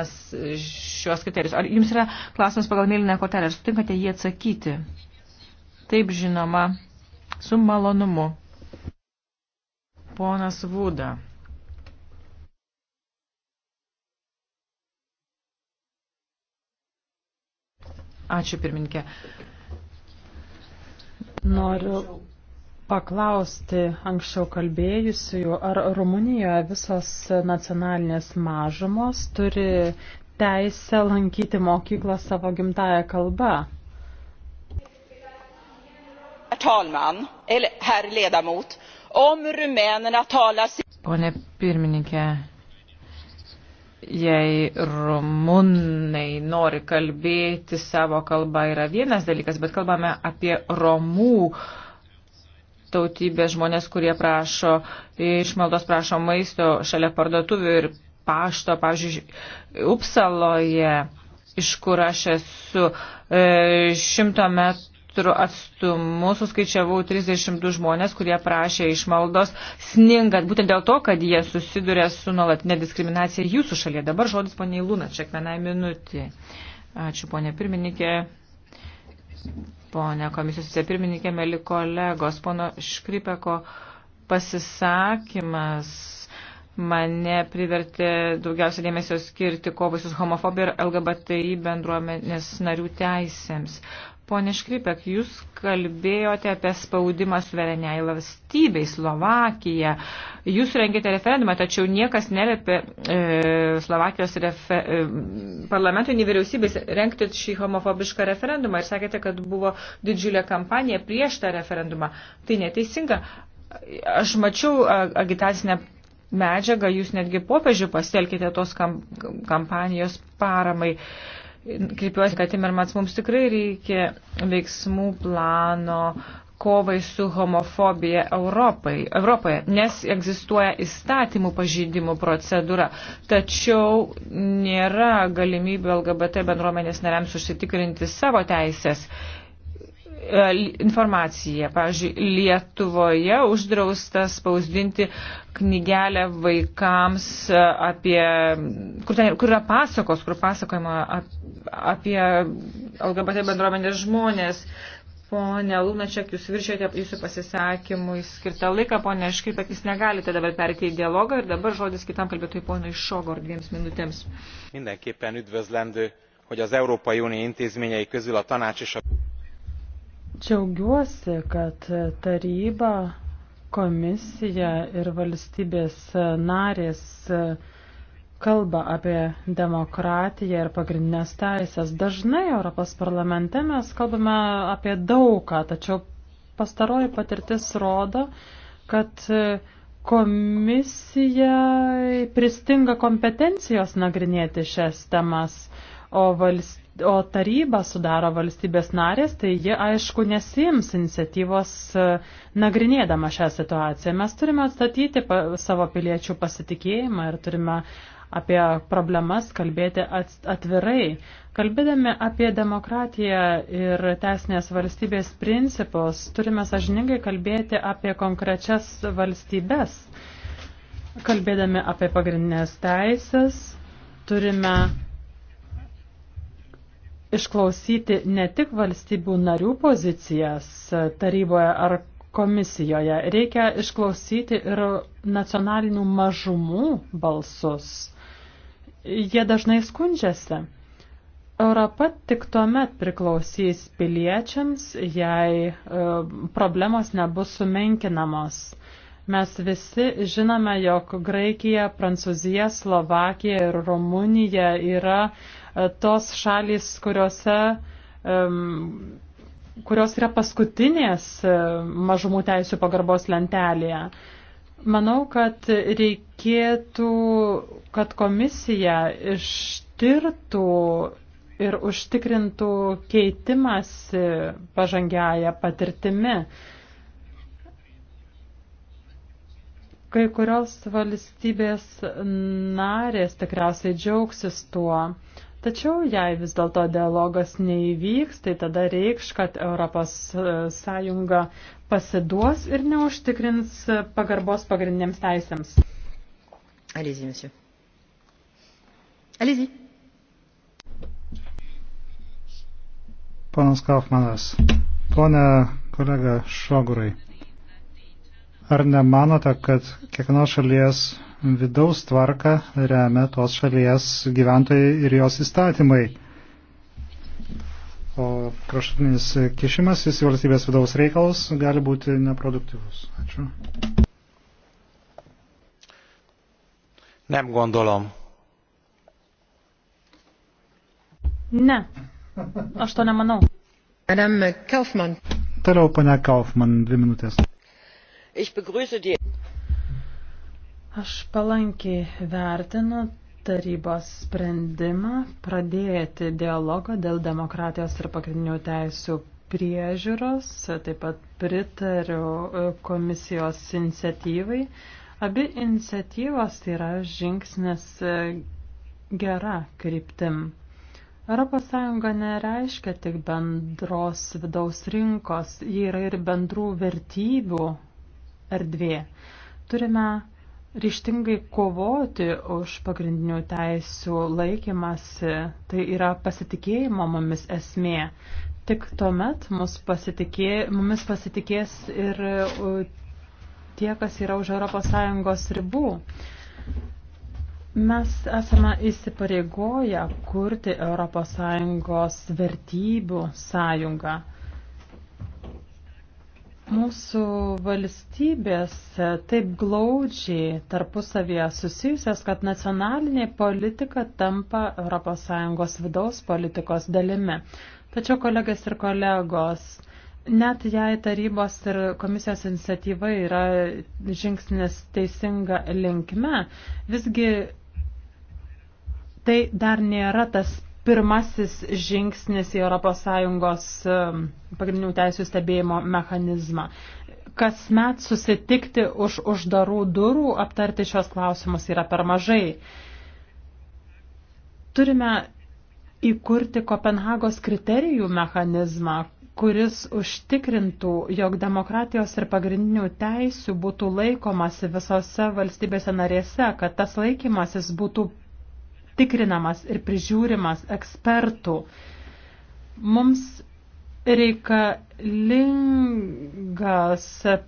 šios kriterijus. Ar jums yra klausimas pagal mėlyną kortelę, ar sutinkate jį atsakyti? Taip žinoma, su malonumu. Ponas Vūda. Ačiū pirminkė. Noriu paklausti anksčiau kalbėjusiųjų, ar Rumunijoje visos nacionalinės mažumos turi teisę lankyti mokyklą savo gimtają kalbą. Pone pirmininkė, jei rumunai nori kalbėti savo kalbą yra vienas dalykas, bet kalbame apie romų uh, tautybės žmonės, kurie prašo, išmaldos prašo maisto šalia parduotuvių ir pašto, pavyzdžiui, Upsaloje, iš kur aš esu, e, šimto metų kilometrų atstumu suskaičiavau 32 žmonės, kurie prašė išmaldos sningat, būtent dėl to, kad jie susiduria su nuolatinė diskriminacija jūsų šalyje. Dabar žodis poniai Lūna, čia kiekvienai minutė. Ačiū, ponė pirmininkė ponė komisijos vicepirmininkė, mėly kolegos, pono Škripeko pasisakymas mane privertė daugiausia dėmesio skirti kovai su homofobija ir LGBTI bendruomenės narių teisėms. Pone Škripek, jūs kalbėjote apie spaudimą suvereniai valstybei, Slovakija. Jūs rengėte referendumą, tačiau niekas nerepė e, Slovakijos refe, e, parlamentui, nei vyriausybės rengti šį homofobišką referendumą ir sakėte, kad buvo didžiulė kampanija prieš tą referendumą. Tai neteisinga. Aš mačiau agitacinę medžiagą, jūs netgi popiežių pasitelkite tos kam, kampanijos paramai. E, kreipiuosi, kad Timermans mums tikrai reikia veiksmų plano kovai su homofobija Europai, Europoje, nes egzistuoja įstatymų pažydimų procedūra, tačiau nėra galimybių LGBT bendruomenės nariams užsitikrinti savo teisės E, informaciją. Pavyzdžiui, Lietuvoje uždrausta spausdinti knygelę vaikams e, apie, kur, ten, kur yra pasakos, kur pasakojama apie LGBT bendruomenės žmonės. Pone Lunačiak, jūs viršėjote jūsų pasisakymui skirtą laiką, pone Škirpek, jūs negalite dabar perėti į dialogą ir dabar žodis kitam kalbėtojui ponui Šogor dviems minutėms. Mindenképpen üdvözlendő, hogy az Európai Unió intézményei közül a tanács és a... Džiaugiuosi, kad taryba, komisija ir valstybės narės kalba apie demokratiją ir pagrindinės teisės. Dažnai Europos parlamente mes kalbame apie daugą, tačiau pastaroji patirtis rodo, kad komisija pristinga kompetencijos nagrinėti šias temas, o valstybės o tarybą sudaro valstybės narės, tai ji aišku nesims iniciatyvos e, nagrinėdama šią situaciją. Mes turime atstatyti savo piliečių pasitikėjimą ir turime apie problemas kalbėti atvirai. Kalbėdami apie demokratiją ir teisinės valstybės principus, turime sažiningai kalbėti apie konkrečias valstybės. Kalbėdami apie pagrindinės teisės, turime išklausyti ne tik valstybių narių pozicijas taryboje ar komisijoje, reikia išklausyti ir nacionalinių mažumų balsus. Jie dažnai skundžiasi. Europa tik tuomet priklausys piliečiams, jei e, problemos nebus sumenkinamos. Mes visi žinome, jog Graikija, Prancūzija, Slovakija ir Rumunija yra uh, tos šalys, kuriuose, kurios yra paskutinės e, mažumų teisų pagarbos lentelėje. Manau, kad reikėtų, kad komisija ištirtų ir užtikrintų keitimąsi pažangiają patirtimi. Kai kurios valstybės narės tikriausiai džiaugsis tuo. Uh, Tačiau jei vis dėlto dialogas neįvyks, tai tada reikš, kad ES e, pasiduos ir neužtikrins pagarbos pagrindiniams teisėms. Allez-y, monsieur. Allez-y. Ponas Kaufmanas, pone kolega Šogurai, ar nemanote, kad kiekvienos šalies vidaus tvarką remia tos šalies gyventojai ir jos įstatymai. O kraštutinis kišimasis į valstybės vidaus reikalus gali būti neproduktyvus. Ačiū. Nem gondolom. Ne. Aš to nemanau. Madame Kaufmann. Toliau, ponia Kaufmann, dvi minutės. Ich begrüße die Aš palankiai vertinu tarybos sprendimą pradėti dialogą dėl demokratijos ir pagrindinių teisų priežiūros, taip pat pritariu e, komisijos iniciatyvai. Abi iniciatyvos tai yra žingsnis e, gera kryptim. ES nereiškia tik bendros vidaus rinkos, ji yra ir bendrų vertybių erdvė. Turime Ryštingai kovoti už pagrindinių teisių laikymasi tai yra pasitikėjimo mumis esmė. Tik tuomet mus pasitikė, mumis pasitikės ir tie, kas yra už ES ribų. Mes esame įsipareigoję kurti ES vertybių sąjungą mūsų valstybės taip glaudžiai tarpusavėje susijusios, kad nacionalinė politika tampa ES vidaus politikos dalimi. Tačiau kolegas ir kolegos, net jei tarybos ir komisijos iniciatyva yra žingsnis teisinga linkme, visgi tai dar nėra tas pirmasis žingsnis į ES um, pagrindinių teisų stebėjimo mechanizmą. Kasmet susitikti už uždarų durų aptarti šios klausimus yra per mažai. Turime įkurti Kopenhagos kriterijų mechanizmą, kuris užtikrintų, jog demokratijos ir pagrindinių teisių būtų laikomasi visose valstybėse narėse, kad tas laikymasis būtų tikrinamas ir prižiūrimas ekspertų. Mums reikalingas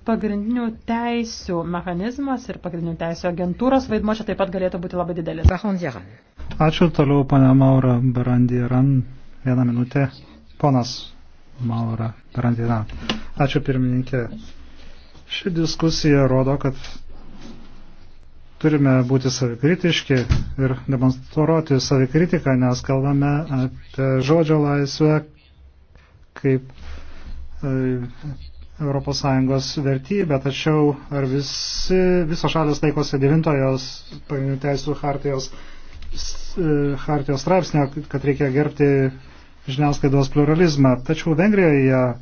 pagrindinių teisių mechanizmas ir pagrindinių teisių agentūros vaidmo čia taip pat galėtų būti labai didelis. Ačiū toliau, pane Maura Barandieran. Vieną minutę. Ponas Maura Barandieran. Ačiū pirmininkė. Ši diskusija rodo, kad turime būti savikritiški ir demonstruoti savikritiką, nes kalbame apie žodžio laisvę kaip ES vertybė, tačiau ar visi, visos šalis laikosi devintojos pagrindinių teisų hartijos, e, hartijos straipsnio, kad reikia gerbti žiniasklaidos pluralizmą. Tačiau Vengrijoje e,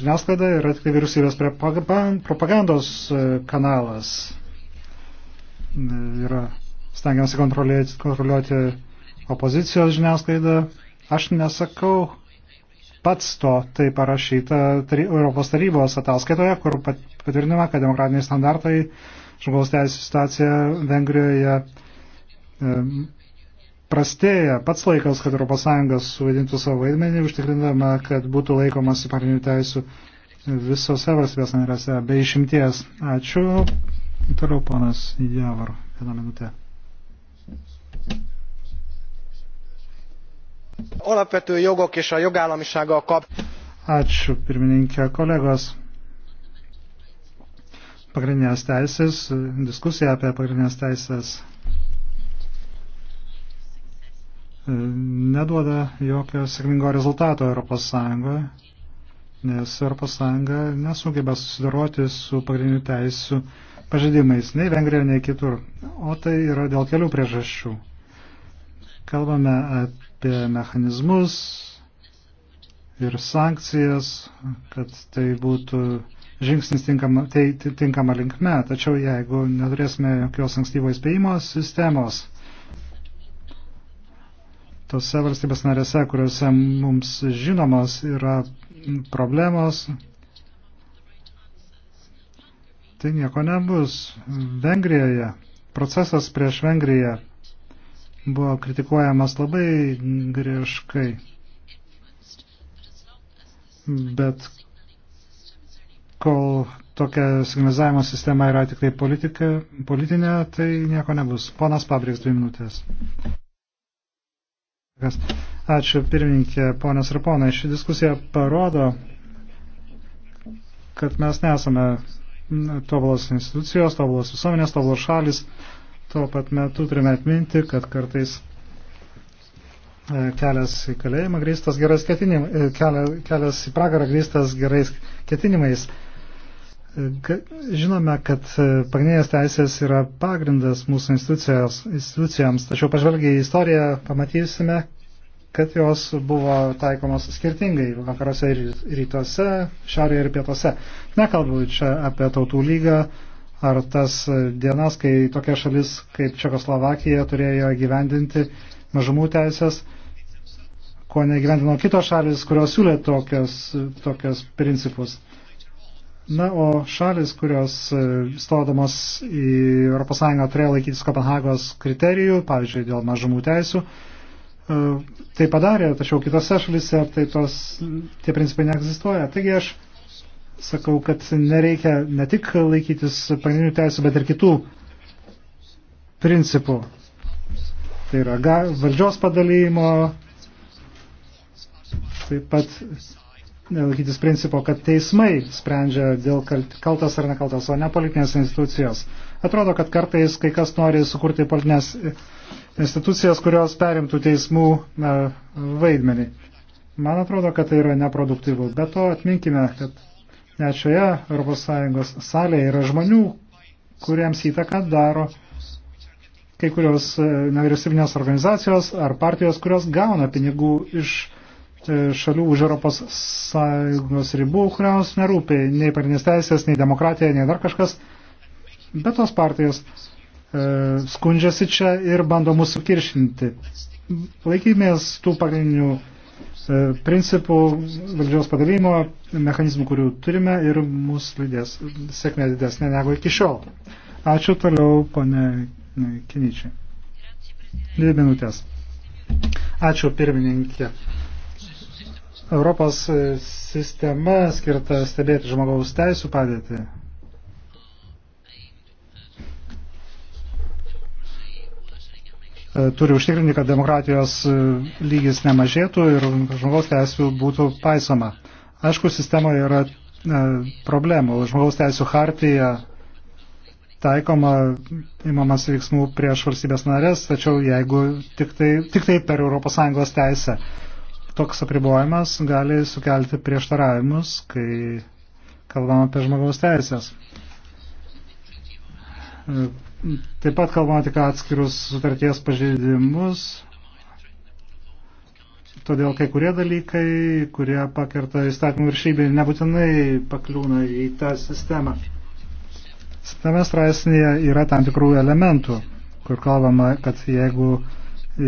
žiniasklaida yra tik tai vyriausybės propagandos e, kanalas yra stengiamasi kontroliuoti, kontroliuoti opozicijos žiniasklaidą. Aš nesakau pats to, tai parašyta tari, Europos tarybos ataskaitoje, kur pat, patvirtinama, kad demokratiniai standartai žmogaus teisų situacija Vengrijoje e, prastėja. Pats laikas, kad ES suvaidintų savo vaidmenį, užtikrindama, kad būtų laikomasi pagrindinių teisų visose valstybės narėse, be išimties. Ačiū. Toliau ponas Javor, vieną minutę. Alapvető jogok és a jogállamisággal kap. Ačiū, pirmininkė, kolegos. Pagrindinės teisės, diskusija apie pagrindinės teisės e, neduoda jokio sėkmingo rezultato Europos Sąjungoje, nes Europos Sąjunga nesugeba susidoroti su pagrindinių teisų pažeidimais, nei Vengrijoje, nei kitur. O tai yra dėl kelių priežasčių. Kalbame apie mechanizmus ir sankcijas, kad tai būtų žingsnis tinkama, tai, tinkama linkme, tačiau jeigu neturėsime jokios ankstyvo įspėjimo sistemos, tose valstybės narėse, kuriuose mums žinomos yra problemos, tai nieko nebus. Vengrijoje procesas prieš Vengriją buvo kritikuojamas labai griežkai. Bet kol tokia signalizavimo sistema yra tik tai politika, politinė, tai nieko nebus. Ponas Pabriks, dvi minutės. Ačiū pirmininkė, ponas ir ponai. Ši diskusija parodo, kad mes nesame tobulos institucijos, tobulos visuomenės, tobulos šalis. Tuo pat metu turime atminti, kad kartais e, kelias į kalėjimą grįstas gerais ketinimais, e, kelias į pragarą grįstas gerais ketinimais. E, žinome, kad pagrindinės teisės yra pagrindas mūsų institucijoms, tačiau pažvelgiai į istoriją pamatysime, kad jos buvo taikomos skirtingai vakaruose ir rytuose, šiaurėje ir pietuose. Nekalbu čia apie tautų lygą ar tas dienas, kai tokia šalis kaip Čekoslovakija turėjo gyvendinti mažumų teisės, ko negyvendino kitos šalis, kurios siūlė tokios, tokios principus. Na, o šalis, kurios e, stodamos į ES turėjo laikytis Kopenhagos kriterijų, pavyzdžiui, dėl mažumų teisų, E, tai padarė, tačiau kitose šalise tai tos, tie principai neegzistuoja. Taigi aš sakau, kad nereikia ne tik laikytis pagrindinių teisų, bet ir kitų principų. Tai yra valdžios padalymo, taip pat laikytis principo, kad teismai sprendžia dėl kaltas ar nekaltas, o ne politinės institucijos. Atrodo, kad kartais kai kas nori sukurti politinės institucijos institucijas, kurios perimtų teismų e, vaidmenį. Man atrodo, kad tai yra neproduktyvu. Be to atminkime, kad net šioje ES salėje yra žmonių, kuriems įtaką daro kai kurios e, nevyriausybinės organizacijos ar partijos, kurios gauna pinigų iš e, šalių už Europos Sąjungos ribų, kurios nerūpi nei parinės teisės, nei demokratija, nei dar kažkas, bet tos partijos E, skundžiasi čia ir bando mūsų kiršinti. Laikymės tų pagrindinių e, principų valdžios padalymo mechanizmų, kurių turime ir mūsų lydės sėkmė didesnė negu iki šiol. Ačiū toliau, pone Kiničiai. Dvi minutės. Ačiū pirmininkė. Europos sistema skirta stebėti žmogaus teisų padėtį E, turi užtikrinti, kad demokratijos e, lygis nemažėtų ir žmogaus teisų būtų paisoma. Aišku, sistemoje yra e, problemų. Žmogaus teisų hartija taikoma, imamas veiksmų prieš valstybės narės, tačiau jeigu tik tai, tik tai per ES teisę toks apribojimas gali sukelti prieštaravimus, kai kalbam apie žmogaus teisės Taip pat kalbama tik atskirus sutarties pažeidimus, todėl kai kurie dalykai, kurie pakerta įstatymų viršybę, nebūtinai pakliūna į tą sistemą. Tame straipsnėje yra tam tikrų elementų, kur kalbama, kad jeigu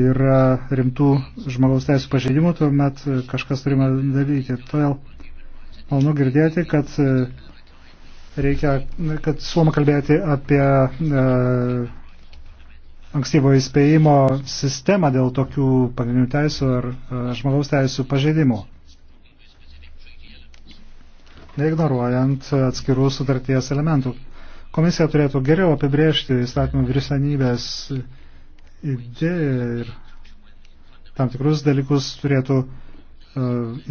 yra rimtų žmogaus teisų pažeidimų, tuomet kažkas turime daryti. Todėl malonu girdėti, kad reikia, kad suoma kalbėti apie e, ankstyvo įspėjimo sistemą dėl tokių pagrindinių teisų ar e, žmogaus teisų pažeidimų. Neignoruojant atskirų sutarties elementų. Komisija turėtų geriau apibrėžti įstatymų virsanybės idėją ir tam tikrus dalykus turėtų uh, e,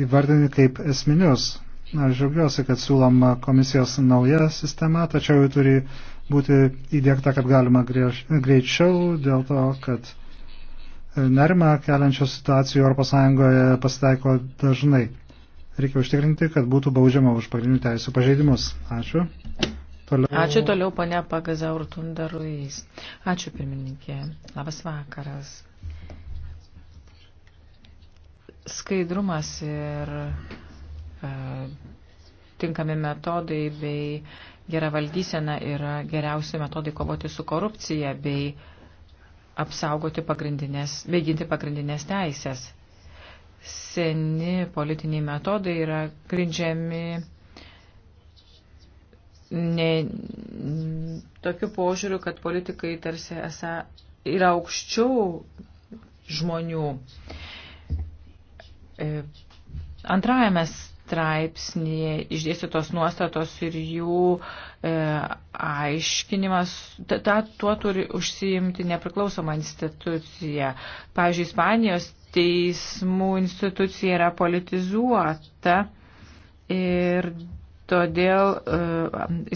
įvardinti kaip esminius Aš žiaugiuosi, kad siūloma komisijos nauja sistema, tačiau ji turi būti įdėkta, kad galima griež, greičiau, dėl to, kad nerima keliančių situacijų ES pasitaiko dažnai. Reikia užtikrinti, kad būtų baudžiama už pagrindinių teisų pažeidimus. Ačiū. Toliau... Ačiū toliau, ponia Pagazaur Tundaruys. Ačiū, pirmininkė. Labas vakaras. Skaidrumas ir E, tinkami metodai bei gera valdysena yra geriausi metodai kovoti su korupcija bei apsaugoti pagrindinės, bei ginti pagrindinės teisės. Seni politiniai metodai yra grindžiami ne, tokiu požiūriu, kad politikai tarsi esą yra aukščiau žmonių. E, antrajame straipsnėje išdėstytos nuostatos ir jų e, aiškinimas, ta, ta, tuo turi užsiimti nepriklausoma institucija. Pavyzdžiui, Ispanijos teismų institucija yra politizuota ir todėl e,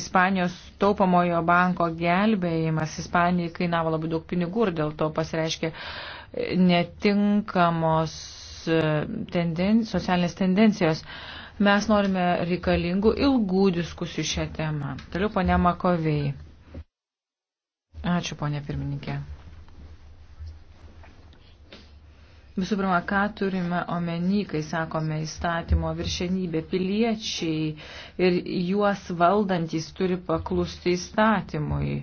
Ispanijos taupamojo banko gelbėjimas Ispanijai kainavo labai daug pinigų ir dėl to pasireiškia e, netinkamos e, tenden, socialinės tendencijos. E, Mes norime reikalingų ilgų diskusijų šią temą. Toliau ponia Makovei. Ačiū ponia pirmininkė. Visų pirma, ką turime omeny, kai sakome įstatymo viršenybė, piliečiai ir juos valdantys turi paklusti įstatymui.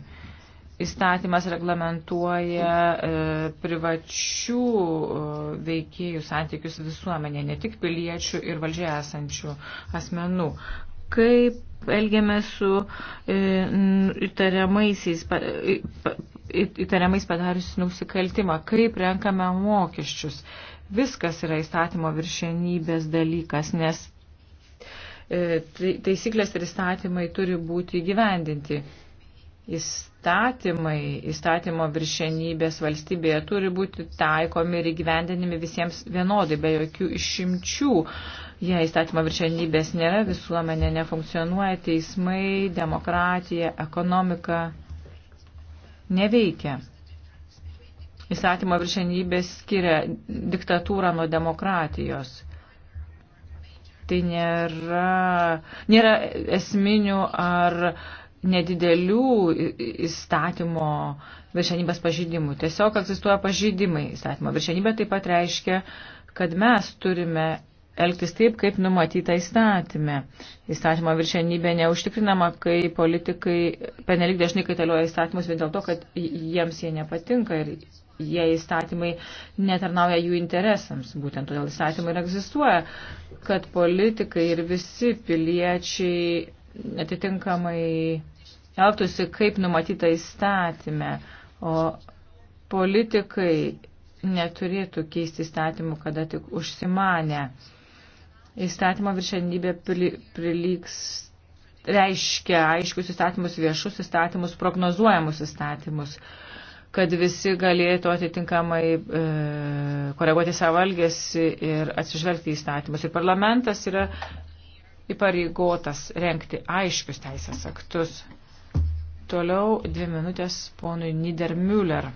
Įstatymas reglamentuoja e, privačių e, veikėjų santykius visuomenė, ne tik piliečių ir valdžiai esančių asmenų. Kaip elgiamės su e, įtariamaisiais, pa, e, pa, įtariamais padarius nusikaltimą, kaip renkame mokesčius. Viskas yra įstatymo viršenybės dalykas, nes e, tai, taisyklės ir įstatymai turi būti įgyvendinti. Jis įstatymai, įstatymo viršenybės valstybėje turi būti taikomi ir įgyvendinimi visiems vienodai, be jokių išimčių. Jei įstatymo viršenybės nėra, visuomenė nefunkcionuoja, teismai, demokratija, ekonomika neveikia. Įstatymo viršenybės skiria diktatūrą nuo demokratijos tai nėra, nėra esminių ar nedidelių įstatymo viršenybės pažydimų. Tiesiog egzistuoja pažydimai įstatymo. Viršenybė taip pat reiškia, kad mes turime elgtis taip, kaip numatyta įstatymė. Įstatymo viršenybė neužtikrinama, kai politikai penelik dažnai kaitalioja įstatymus vien dėl to, kad jiems jie nepatinka ir jie įstatymai netarnauja jų interesams. Būtent todėl įstatymai ir egzistuoja, kad politikai ir visi piliečiai atitinkamai elgtųsi kaip numatyta įstatymė, o politikai neturėtų keisti įstatymų, kada tik užsimanę. Įstatymo viršenybė prilygs reiškia aiškius įstatymus, viešus įstatymus, prognozuojamus įstatymus, kad visi galėtų atitinkamai e, koreguoti savo elgesį ir atsižvelgti į įstatymus. Ir parlamentas yra įpareigotas renkti aiškius teisės aktus. Toliau dvi minutės ponui Niedermüller.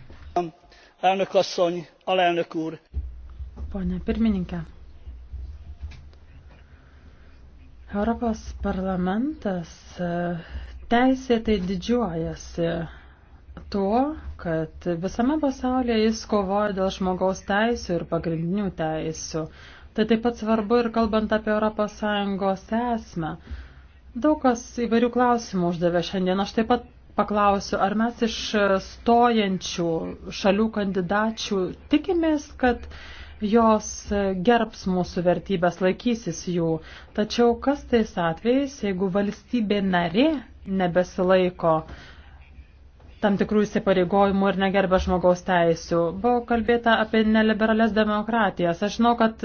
Elnök asszony, alelnök úr. Pone pirmininkė. Europos parlamentas e, teisėtai didžiuojasi tuo, kad visame pasaulyje jis kovoja dėl žmogaus teisų ir pagrindinių teisų. Tai taip pat svarbu ir kalbant apie ES esmę. Daug kas įvairių klausimų uždavė šiandien. Aš taip pat paklausiu, ar mes iš stojančių šalių kandidačių tikimės, kad jos gerbs mūsų vertybės, laikysis jų. Tačiau kas tais atvejais, jeigu valstybė narė nebesilaiko tam tikrų įsipareigojimų ir negerbė žmogaus teisių. Buvo kalbėta apie neliberales demokratijas. Aš žinau, kad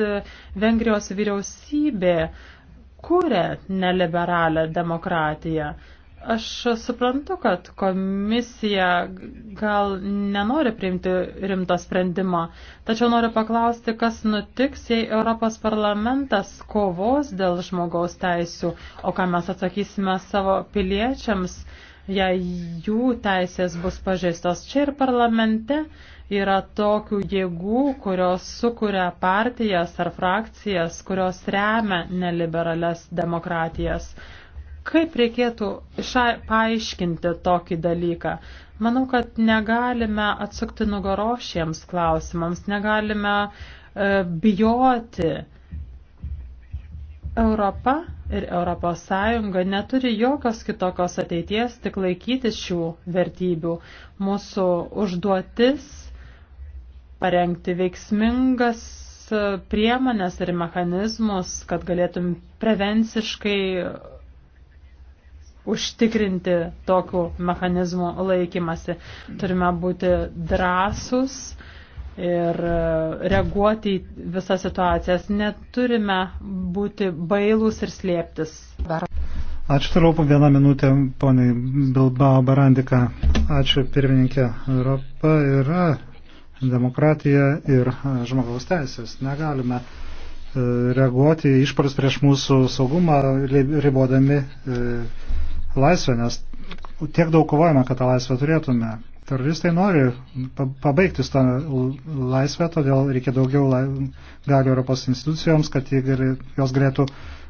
Vengrijos vyriausybė kūrė neliberalę demokratiją. Aš suprantu, kad komisija gal nenori priimti rimto sprendimo, tačiau noriu paklausti, kas nutiks, jei Europos parlamentas kovos dėl žmogaus teisų, o ką mes atsakysime savo piliečiams, jei jų teisės bus pažeistos. Čia ir parlamente yra tokių jėgų, kurios sukuria partijas ar frakcijas, kurios remia neliberales demokratijas. Kaip reikėtų šia, paaiškinti tokį dalyką? Manau, kad negalime atsukti nugaro šiems klausimams, negalime e, bijoti. Europa ir Europos Sąjunga neturi jokios kitokios ateities, tik laikyti šių vertybių. Mūsų užduotis parengti veiksmingas e, priemonės ir mechanizmus, kad galėtum prevenciškai užtikrinti tokių mechanizmų laikymasi. Turime būti drąsus ir e, reaguoti į visas situacijas. Neturime būti bailūs ir slėptis. Ačiū toliau po vieną minutę, poniai Bilbao Barandika. Ačiū pirmininkė. Europa yra demokratija ir žmogaus teisės. Negalime e, reaguoti išparus prieš mūsų saugumą, ribodami e, laisvę, nes tiek daug kovojame, kad tą laisvę turėtume. Teroristai nori pabaigti tą laisvę, todėl reikia daugiau galių Europos institucijoms, kad gali, jos galėtų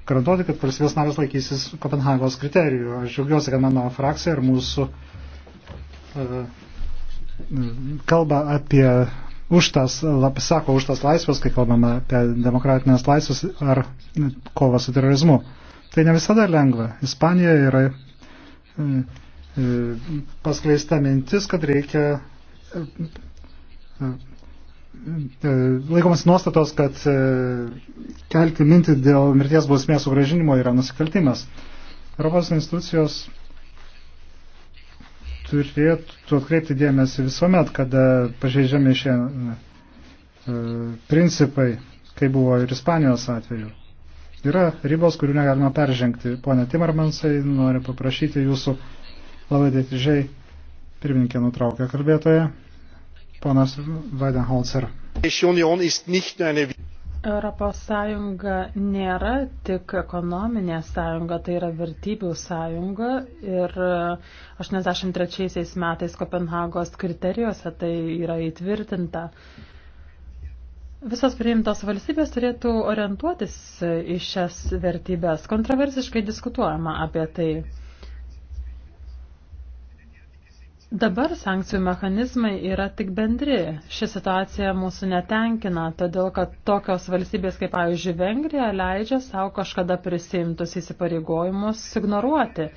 garantuoti, kad valstybės narės laikysis Kopenhagos kriterijų. Aš džiaugiuosi, kad mano frakcija ir mūsų uh, kalba apie už tas, sako už tas laisvės, kai kalbame apie demokratinės laisvės ar kovą su terorizmu. Tai ne visada lengva. Ispanijoje yra paskleista mintis, kad reikia e, e, laikomas nuostatos, kad e, kelti mintį dėl mirties bausmės sugražinimo yra nusikaltimas. Europos institucijos turėtų atkreipti dėmesį visuomet, kada pažeidžiami šie principai, kai buvo ir Ispanijos atveju. Yra ribos, kurių negalima peržengti. Pone Timarmansai, noriu paprašyti jūsų labai dėtižiai. Pirmininkė nutraukė kalbėtoje. Ponas Weidenholzer. Europos sąjunga nėra tik ekonominė sąjunga, tai yra vertybių sąjunga ir 83 metais Kopenhagos kriterijuose tai yra įtvirtinta. Visos priimtos valstybės turėtų orientuotis į šias vertybės. Kontroversiškai diskutuojama apie tai. Dabar sankcijų mechanizmai yra tik bendri. Ši situacija mūsų netenkina, todėl kad tokios valstybės kaip, pavyzdžiui, Vengrija leidžia savo kažkada prisimtus įsipareigojimus ignoruoti.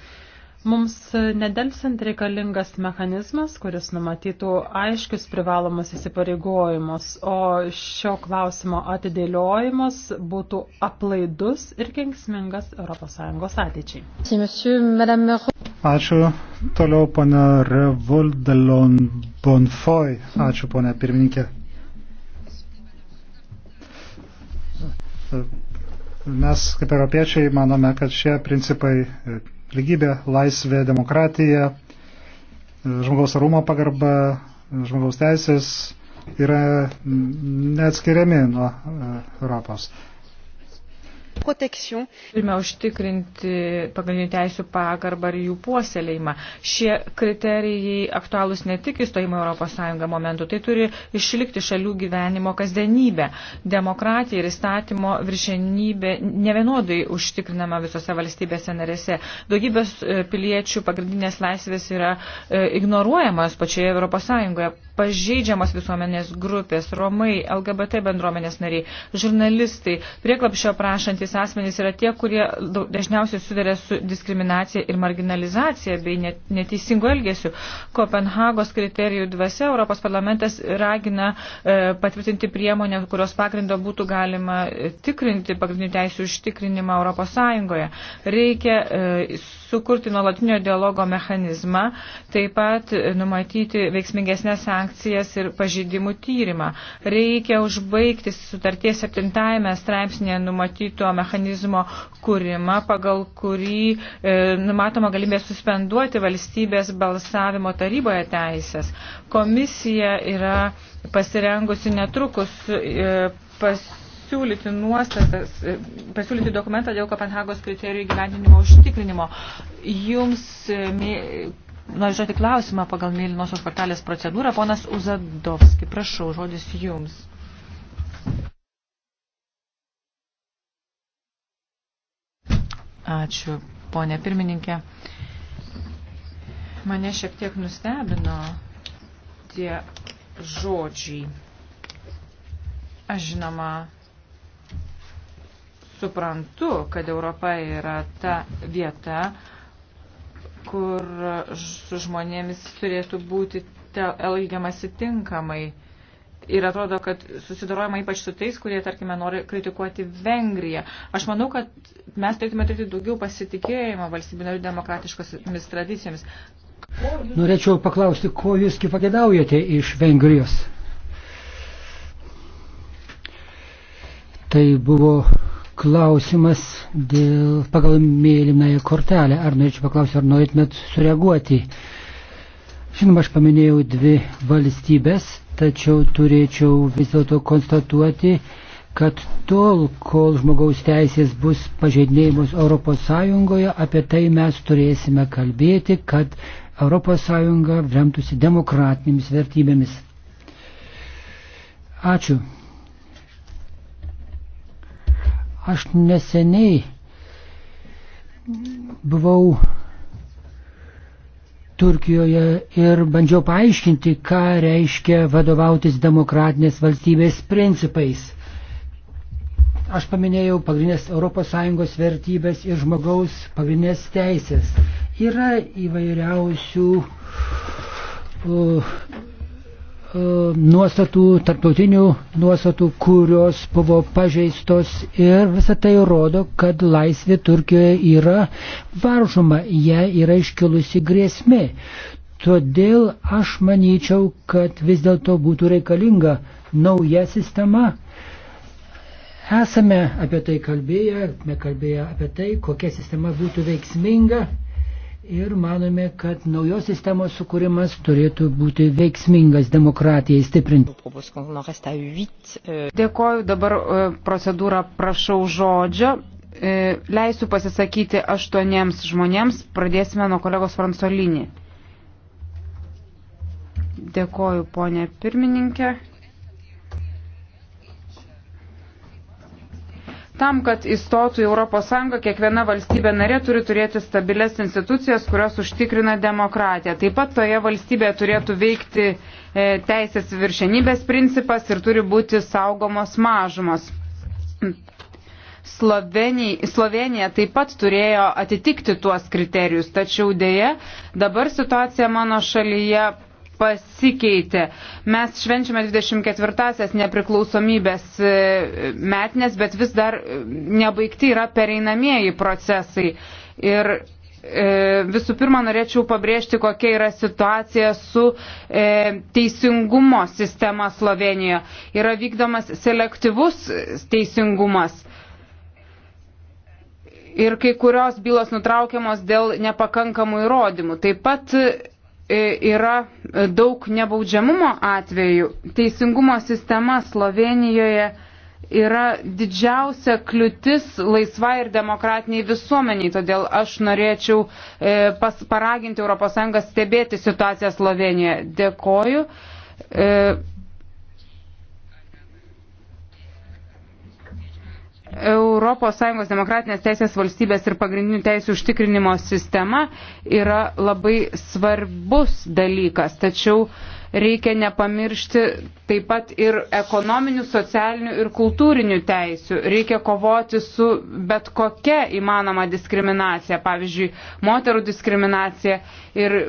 Mums nedelsant reikalingas mechanizmas, kuris numatytų aiškius privalomus įsipareigojimus, o šio klausimo atidėliojimas būtų aplaidus ir kenksmingas ES ateičiai. Ačiū. Toliau pana Revoldelon Bonfoy. Ačiū, pana pirmininkė. Mes, kaip europiečiai, manome, kad šie principai lygybė, laisvė, demokratija, žmogaus arumo pagarba, žmogaus teisės yra neatskiriami nuo e, Europos. Turime užtikrinti pagrindinių teisų pagarbą ir jų puoselėjimą. Šie kriterijai aktualūs ne tik įstojimo Europos Sąjungą momentu, tai turi išlikti šalių gyvenimo kasdienybę. Demokratija ir įstatymo viršenybė nevienodai užtikrinama visose valstybėse narėse. Daugybės e, piliečių pagrindinės laisvės yra e, ignoruojamas pačioje Europos Sąjungoje. Pažeidžiamas visuomenės grupės, romai, LGBT bendruomenės nariai, žurnalistai, prieklapšio prašantis dirbantis asmenys yra tie, kurie dažniausiai sudarė su diskriminacija ir marginalizacija bei neteisingu elgesiu. Kopenhagos kriterijų dvasia Europos parlamentas ragina e, patvirtinti priemonę, kurios pagrindo būtų galima e, tikrinti pagrindinių teisų užtikrinimą Europos Sąjungoje. Reikia e, sukurti nuolatinio dialogo mechanizmą, taip pat e, numatyti veiksmingesnės sankcijas ir pažydimų tyrimą. Reikia užbaigti sutarties septintajame straipsnėje numatyto mechanizmo mechanizmo kūrimą, pagal kurį e, numatoma galimybė suspenduoti valstybės balsavimo taryboje teisės. Komisija yra pasirengusi netrukus e, pas pasiūlyti nuostatas, e, pasiūlyti dokumentą dėl Kopenhagos kriterijų gyvendinimo užtikrinimo. Jums, e, noriu žodį klausimą pagal mėlynosios kortelės procedūrą, ponas Uzadovski, prašau, žodis jums. Ačiū, ponė pirmininkė. Mane šiek tiek nustebino tie žodžiai. Aš žinoma, suprantu, kad Europa yra ta vieta, kur su žmonėmis turėtų būti elgiamasi tinkamai. Ir atrodo, kad susidarojama ypač su tais, kurie, tarkime, nori kritikuoti Vengriją. Aš manau, kad mes turėtume turėti daugiau pasitikėjimo valstybių narių demokratiškomis tradicijomis. Jūs... Norėčiau paklausti, ko jūs pagėdaujate iš Vengrijos? Tai buvo klausimas dėl pagal mėlynąją kortelę. Ar norėčiau paklausti, ar norėtumėt sureaguoti? Žinoma, aš paminėjau dvi valstybės tačiau turėčiau vis dėlto konstatuoti, kad tol, kol žmogaus teisės bus pažeidinėjimus ES, apie tai mes turėsime kalbėti, kad ES remtųsi demokratinėmis vertybėmis. Ačiū. Aš neseniai buvau Turkijoje ir bandžiau paaiškinti, ką reiškia vadovautis demokratinės valstybės principais. Aš paminėjau pagrindinės ES vertybės ir žmogaus pagrindinės teisės. Yra įvairiausių uh, nuostatų, tarptautinių nuostatų, kurios buvo pažeistos ir visą tai rodo, kad laisvė Turkijoje yra varžoma, jie yra iškilusi grėsmė. Todėl aš manyčiau, kad vis dėlto būtų reikalinga nauja sistema. Esame apie tai kalbėję, mes kalbėję apie tai, kokia sistema būtų veiksminga ir manome, kad naujos sistemos sukūrimas turėtų būti veiksmingas demokratijai stiprinti. Dėkoju, dabar e, procedūrą prašau žodžio. E, leisiu pasisakyti aštuoniems žmonėms, pradėsime nuo kolegos Fransolinį. Dėkoju, ponė pirmininkė. tam, kad įstotų į ES, kiekviena valstybė narė turi turėti stabilės institucijas, kurios užtikrina demokratiją. Taip pat toje valstybėje turėtų veikti e, teisės viršenybės principas ir turi būti saugomos mažumos. Slovenija, Slovenija taip pat turėjo atitikti tuos kriterijus, tačiau dėje dabar situacija mano šalyje pasikeitė. Mes švenčiame 24-asias nepriklausomybės e, metnės, bet vis dar e, nebaigti yra pereinamieji procesai. Ir e, visų pirma, norėčiau pabrėžti, kokia yra situacija su e, teisingumo sistema Slovenijoje. Yra vykdomas selektyvus teisingumas. Ir kai kurios bylos nutraukiamos dėl nepakankamų įrodymų. Taip pat E, yra daug nebaudžiamumo atvejų. Teisingumo sistema Slovenijoje yra didžiausia kliūtis laisvai ir demokratiniai visuomeniai. Todėl aš norėčiau e, pas, paraginti ES stebėti situaciją Slovenijoje. Dėkoju. E, ES demokratinės teisės valstybės ir pagrindinių teisų užtikrinimo sistema yra labai svarbus dalykas, tačiau uh, reikia nepamiršti taip pat ir ekonominių, socialinių ir kultūrinių teisių. Reikia kovoti su bet kokia įmanoma diskriminacija, pavyzdžiui, moterų diskriminacija ir e,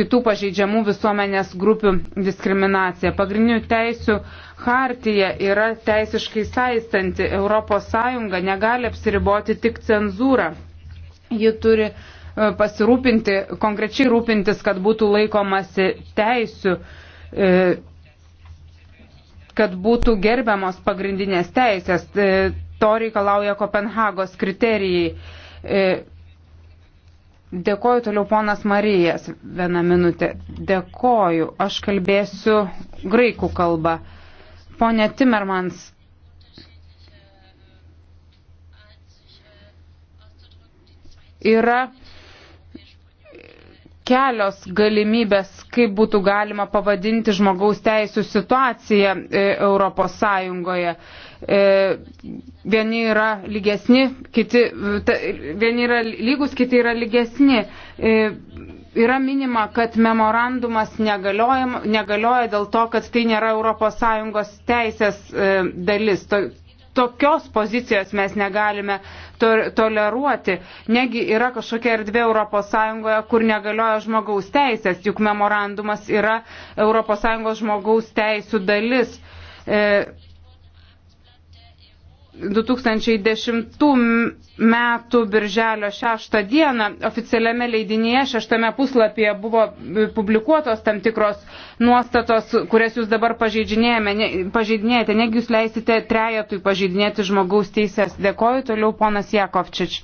kitų pažeidžiamų visuomenės grupių diskriminacija. Pagrindinių teisių hartija yra teisiškai saistanti. ES negali apsiriboti tik cenzūrą. Ji turi e, pasirūpinti, konkrečiai rūpintis, kad būtų laikomasi teisių E, kad būtų gerbiamos pagrindinės teisės. E, to reikalauja Kopenhagos kriterijai. E, dėkoju toliau ponas Marijas. Vieną minutę. Dėkoju. Aš kalbėsiu graikų kalbą. Pone Timmermans. Yra kelios galimybės, kaip būtų galima pavadinti žmogaus teisų situaciją e, Europos Sąjungoje. E, vieni yra lygesni, kiti, vieni yra lygus, kiti yra lygesni. E, yra minima, kad memorandumas negalioja, negalioja dėl to, kad tai nėra ES teisės dalis tokios pozicijos mes negalime toleruoti. Negi yra kažkokia erdvė ES, kur negalioja žmogaus teisės, juk memorandumas yra ES žmogaus teisų dalis. E, 2010 metų birželio 6 dieną oficialiame leidinėje šeštame puslapyje buvo publikuotos tam tikros nuostatos, kurias jūs dabar pažeidinėjate. Negi jūs leisite trejetui pažeidinėti žmogaus teises. Dėkoju toliau ponas Jakovčič.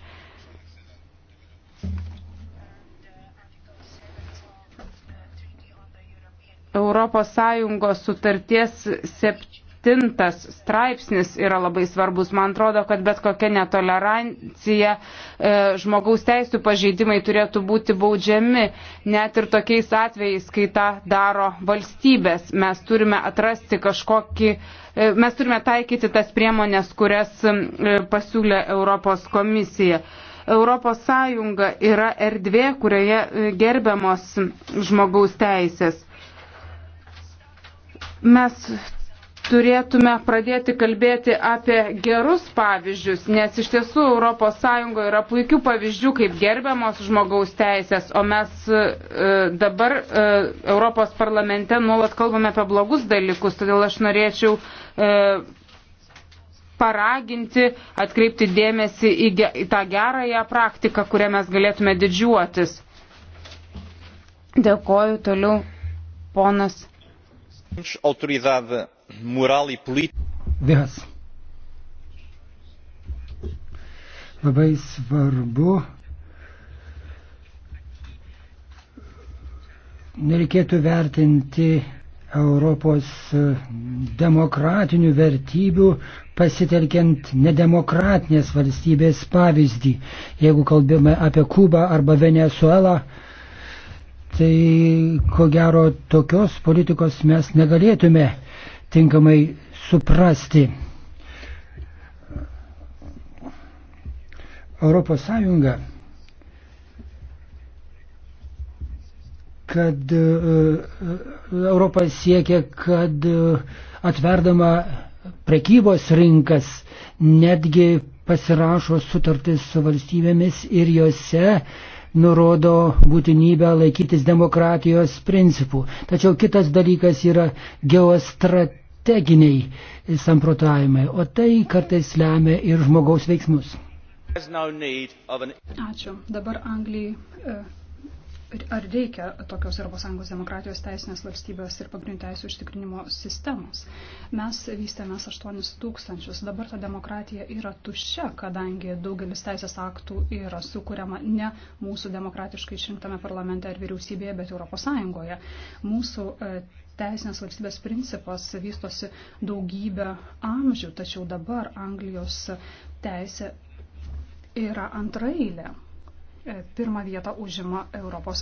Europos Sąjungos sutarties 7 septintas straipsnis yra labai svarbus. Man atrodo, kad bet kokia netolerancija e, žmogaus teisų pažeidimai turėtų būti baudžiami, net ir tokiais atvejais, kai tą daro valstybės. Mes turime atrasti kažkokį, e, mes turime taikyti tas priemonės, kurias e, pasiūlė Europos komisija. Europos Sąjunga yra erdvė, kurioje e, gerbiamos žmogaus teisės. Mes turėtume pradėti kalbėti apie gerus pavyzdžius, nes iš tiesų ES yra puikių pavyzdžių, kaip gerbiamos žmogaus teisės, o mes e, dabar e, Europos parlamente nuolat kalbame apie blogus dalykus, todėl aš norėčiau e, paraginti, atkreipti dėmesį į, ge, į tą gerąją praktiką, kurią mes galėtume didžiuotis. Dėkoju toliau, ponas. Autoridade moral ir politinį. Vėjas. Labai svarbu. Nereikėtų vertinti Europos demokratinių vertybių pasitelkiant nedemokratinės valstybės pavyzdį. Jeigu kalbame apie Kubą arba Venezuelą, tai ko gero tokios politikos mes negalėtume tinkamai suprasti. Europos Sąjunga, kad e, e, Europa siekia, kad e, atverdama prekybos rinkas netgi pasirašo sutartis su valstybėmis ir jose uh, nurodo būtinybę laikytis demokratijos principų. Tačiau kitas dalykas yra geostrateginiai samprotavimai, o tai kartais lemia ir žmogaus veiksmus. Ačiū. Dabar Anglijai e, Ar reikia tokios ES demokratijos teisinės valstybės ir pagrindinių teisų užtikrinimo sistemos? Mes vystėmės 8 tūkstančius. Dabar ta demokratija yra tuščia, kadangi daugelis teisės aktų yra sukūriama ne mūsų demokratiškai išrinktame parlamente ar vyriausybėje, bet ES. Mūsų e, teisinės valstybės principas vystosi daugybę amžių, tačiau dabar Anglijos teisė yra antrailė E, pirmą vietą užima ES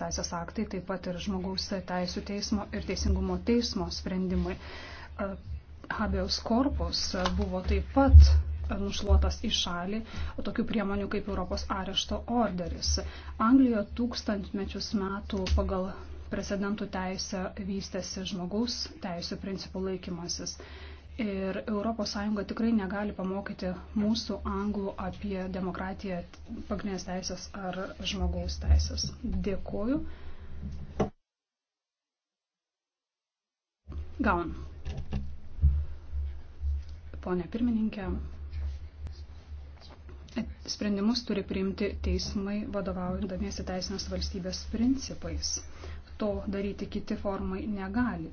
teisės aktai, taip pat ir žmogaus teisų teismo ir teisingumo teismo sprendimai. E, Habeus korpus buvo taip pat nušluotas į šalį tokių priemonių kaip Europos arešto orderis. Anglijoje tūkstantmečius metų pagal precedentų teisę vystėsi žmogaus teisų principų laikymasis. Ir ES tikrai negali pamokyti mūsų anglų apie demokratiją, pagrindinės teisės ar žmogaus teisės. Dėkuoju. Gaun. Pone pirmininkė, sprendimus turi priimti teismai vadovaujandamiesi teisinės valstybės principais. To daryti kiti formai negali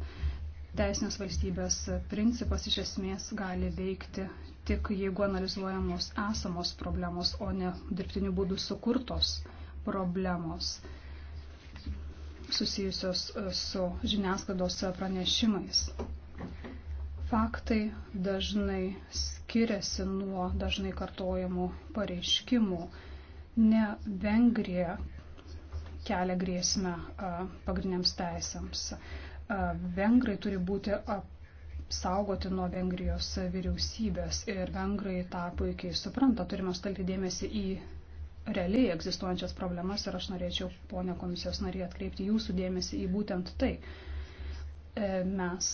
teisinės valstybės principas iš esmės gali veikti tik jeigu analizuojamos esamos problemos, o ne dirbtinių būdų sukurtos problemos susijusios e, su žiniasklaidos pranešimais. Faktai dažnai skiriasi nuo dažnai kartojamų pareiškimų. Ne Vengrija kelia grėsmę e, pagrindiniams teisėms vengrai turi būti apsaugoti nuo Vengrijos vyriausybės ir vengrai tą puikiai supranta. Turime stalti dėmesį į realiai egzistuojančias problemas ir aš norėčiau, ponia komisijos narė, atkreipti jūsų dėmesį į būtent tai. E, mes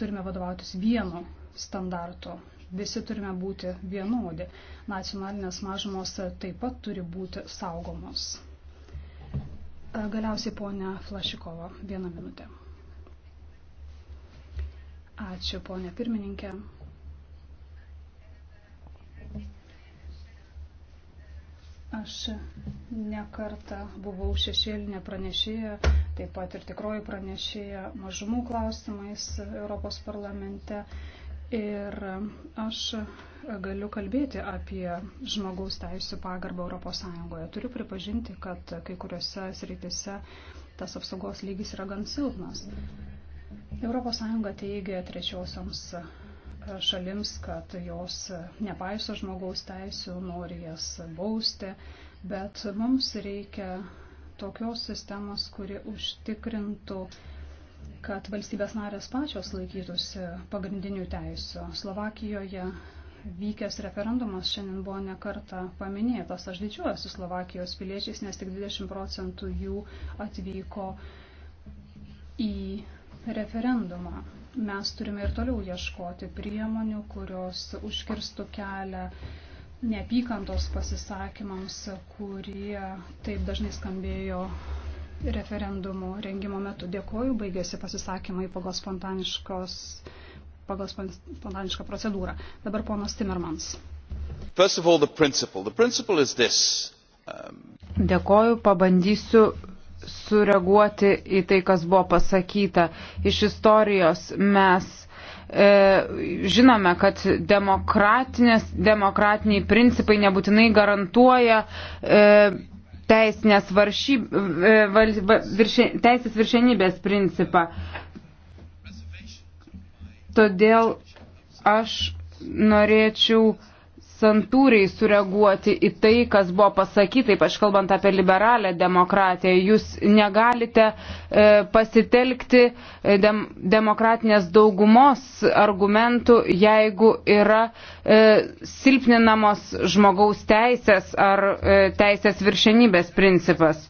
turime vadovautis vienu standartu visi turime būti vienodi. Nacionalinės mažumos taip pat turi būti saugomos. E, galiausiai ponia Flašikova, vieną minutę. Ačiū, ponė pirmininkė. Aš nekarta buvau šešėlinė pranešėja, taip pat ir tikroji pranešėja mažumų klausimais Europos parlamente. Ir aš galiu kalbėti apie žmogaus teisų pagarbą Europos Sąjungoje. Turiu pripažinti, kad kai kuriuose srityse tas apsaugos lygis yra gan silpnas. Mm -hmm. ES teigia trečiosioms e, šalims, kad jos nepaiso žmogaus teisų, nori jas bausti, bet mums reikia tokios sistemos, kuri užtikrintų kad valstybės narės pačios laikytųsi pagrindinių teisų. Slovakijoje vykęs referendumas šiandien buvo nekarta paminėtas. Aš didžiuojuosi Slovakijos piliečiais, nes tik 20 procentų jų atvyko į referendumą. Mes turime ir toliau ieškoti priemonių, kurios užkirstų kelią neapykantos pasisakymams, kurie taip dažnai skambėjo referendumų rengimo metu. Dėkoju, baigėsi pasisakymai pagal spontaniškos pagal spontanišką procedūrą. Dabar ponas Timmermans. All, the principle. The principle um... Dėkoju, pabandysiu sureaguoti į tai, kas buvo pasakyta. Iš istorijos mes e, žinome, kad demokratiniai principai nebūtinai garantuoja e, teisinės varšyb, e, val, virši, teisės viršenybės principą. Todėl aš norėčiau santūriai sureaguoti į tai, kas buvo pasakyta, ypač kalbant apie liberalę demokratiją. Jūs negalite e, pasitelkti e, dem, demokratinės daugumos argumentų, jeigu yra e, silpninamos žmogaus teisės ar e, teisės viršenybės principas.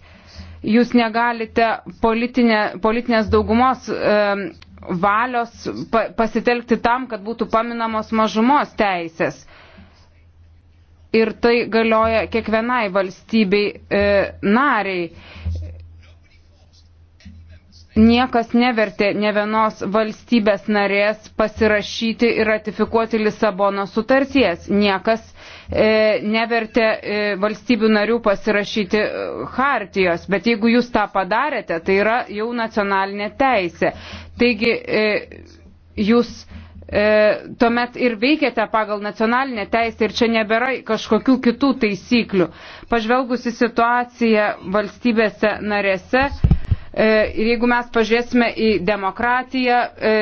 Jūs negalite politinė, politinės daugumos e, valios pa, pasitelkti tam, kad būtų paminamos mažumos teisės. E, ir tai galioja kiekvienai valstybei e, nariai. Niekas nevertė ne vienos valstybės narės pasirašyti ir ratifikuoti Lisabono sutarties. Niekas e, nevertė e, valstybių narių pasirašyti e, hartijos. Bet jeigu jūs tą padarėte, tai yra jau nacionalinė teisė. Taigi e, jūs. E, e, tuomet ir veikiate pagal nacionalinę teisę ir čia nebėra kažkokių kitų taisyklių. Pažvelgusi situaciją valstybėse narėse e, ir jeigu mes pažiūrėsime į demokratiją, e,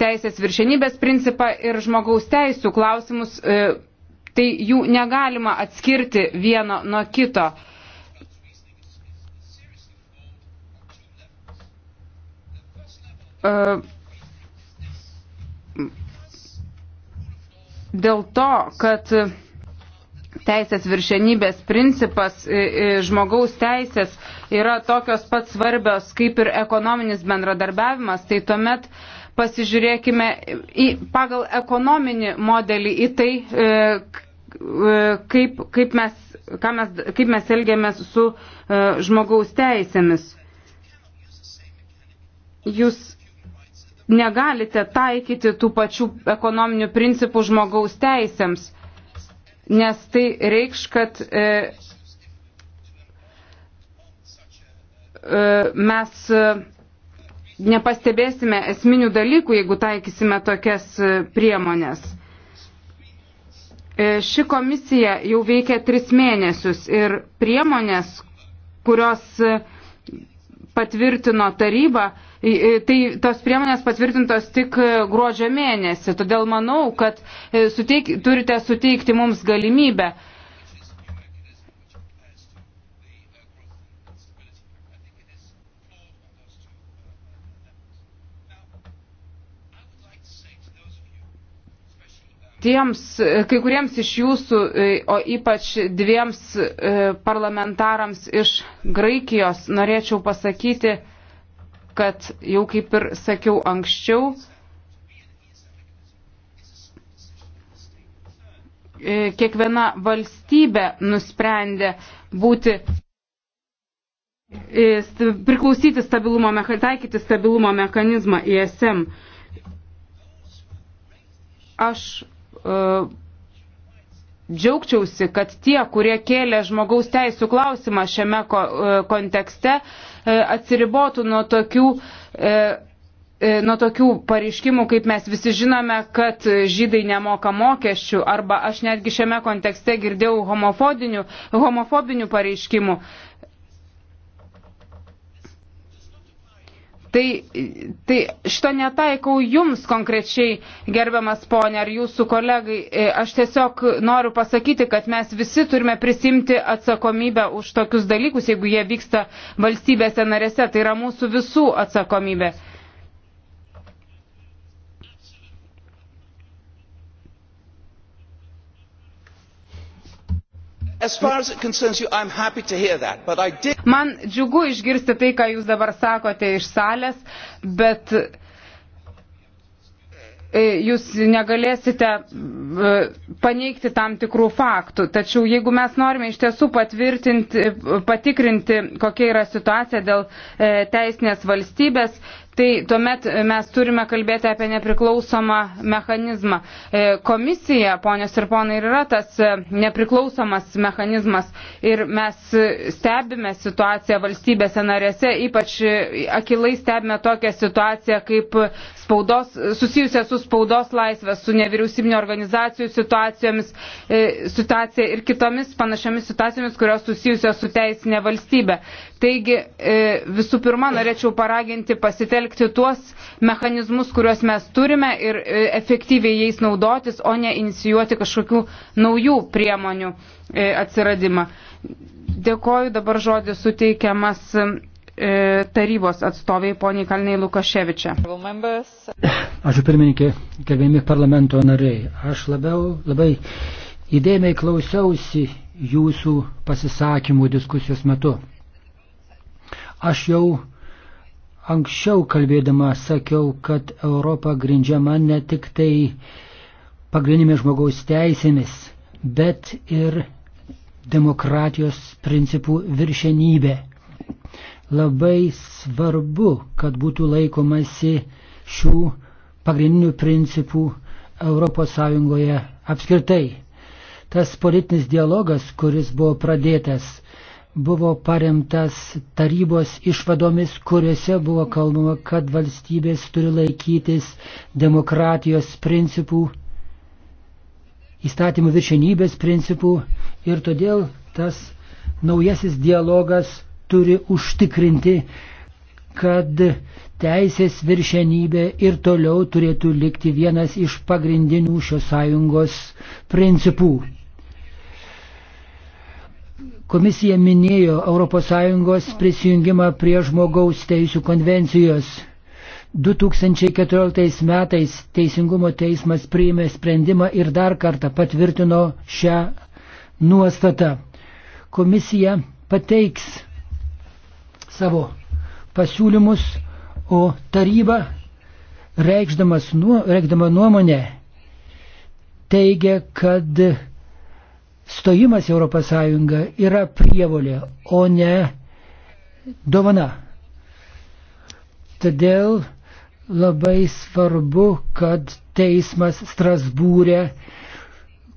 teisės viršenybės principą ir žmogaus teisų klausimus, e, tai jų negalima atskirti vieno nuo kito. E, dėl to, kad teisės viršenybės principas, žmogaus teisės yra tokios pat svarbios kaip ir ekonominis bendradarbiavimas, tai tuomet pasižiūrėkime į, pagal ekonominį modelį į tai, e, e, kaip, kaip, mes, mes, kaip mes elgiamės su e, žmogaus teisėmis. Jūs negalite taikyti tų pačių ekonominių principų žmogaus teisėms, nes tai reikš, kad e, e, mes e, nepastebėsime esminių dalykų, jeigu taikysime tokias e, priemonės. E, ši komisija jau veikia tris mėnesius ir priemonės, kurios e, patvirtino taryba, Tai tos priemonės patvirtintos tik e, gruodžio mėnesį, todėl manau, kad e, suteik, turite suteikti mums galimybę tiems, e, kai kuriems iš jūsų, o ypač dviems parlamentarams iš Graikijos, norėčiau pasakyti, kad jau kaip ir sakiau anksčiau, e, kiekviena valstybė nusprendė būti e, priklausyti stabilumo, taikyti stabilumo mechanizmą ISM. E Aš uh, džiaugčiausi, kad tie, kurie kėlė žmogaus teisų klausimą šiame ko, e, kontekste, e, atsiribotų nuo tokių, e, nuo tokių pareiškimų, kaip mes visi žinome, kad žydai nemoka mokesčių, arba aš netgi šiame kontekste girdėjau homofobinių pareiškimų. Tai, tai šito netaikau jums konkrečiai, gerbiamas ponė, ar jūsų kolegai. E, aš tiesiog noriu pasakyti, kad mes visi turime prisimti atsakomybę už tokius dalykus, jeigu jie vyksta valstybėse narėse. Tai yra mūsų visų atsakomybė. Did... Man džiugu išgirsti tai, ką jūs dabar sakote iš salės, bet e, jūs negalėsite e, paneigti tam tikrų faktų. Tačiau jeigu mes norime iš tiesų patvirtinti, patikrinti, kokia yra situacija dėl e, teisinės valstybės, Tai tuomet mes turime kalbėti apie nepriklausomą mechanizmą. E, komisija, ponios ir ponai, yra tas e, nepriklausomas mechanizmas ir mes stebime situaciją valstybėse narėse, ypač e, akilai stebime tokią situaciją kaip spaudos, susijusią su spaudos laisvės, su nevyriausybinio organizacijų situacijomis, situacija ir kitomis panašiamis situacijomis, kurios susijusios su teisinė valstybė. Taigi visų pirma norėčiau paraginti pasitelkti pasitelkti tuos mechanizmus, kuriuos mes turime ir e, efektyviai jais naudotis, o ne inicijuoti kažkokių naujų priemonių e, atsiradimą. Dėkoju, dabar žodis suteikiamas e, tarybos atstoviai poniai Kalniai Lukaševičia. Ačiū pirmininkė, gerbėjami parlamento nariai. Aš labiau, labai įdėmiai klausiausi jūsų pasisakymų diskusijos metu. Aš jau Anksčiau kalbėdama sakiau, kad Europa grindžiama ne tik tai pagrindinėmis žmogaus teisėmis, bet ir demokratijos principų viršenybė. Labai svarbu, kad būtų laikomasi šių pagrindinių principų ES apskritai. Tas politinis dialogas, kuris buvo pradėtas, buvo paremtas tarybos išvadomis, kuriuose buvo kalbama, kad valstybės turi laikytis demokratijos principų, įstatymų viršenybės principų ir todėl tas naujasis dialogas turi užtikrinti, kad teisės viršenybė ir toliau turėtų likti vienas iš pagrindinių šios sąjungos principų. Komisija minėjo ES prisijungimą prie žmogaus teisų konvencijos. 2014 metais Teisingumo teismas priėmė sprendimą ir dar kartą patvirtino šią nuostatą. Komisija pateiks savo pasiūlymus, o taryba, reikšdama nuomonę, teigia, kad stojimas Europos Sąjunga yra prievolė, o ne dovana. Todėl labai svarbu, kad teismas Strasbūrė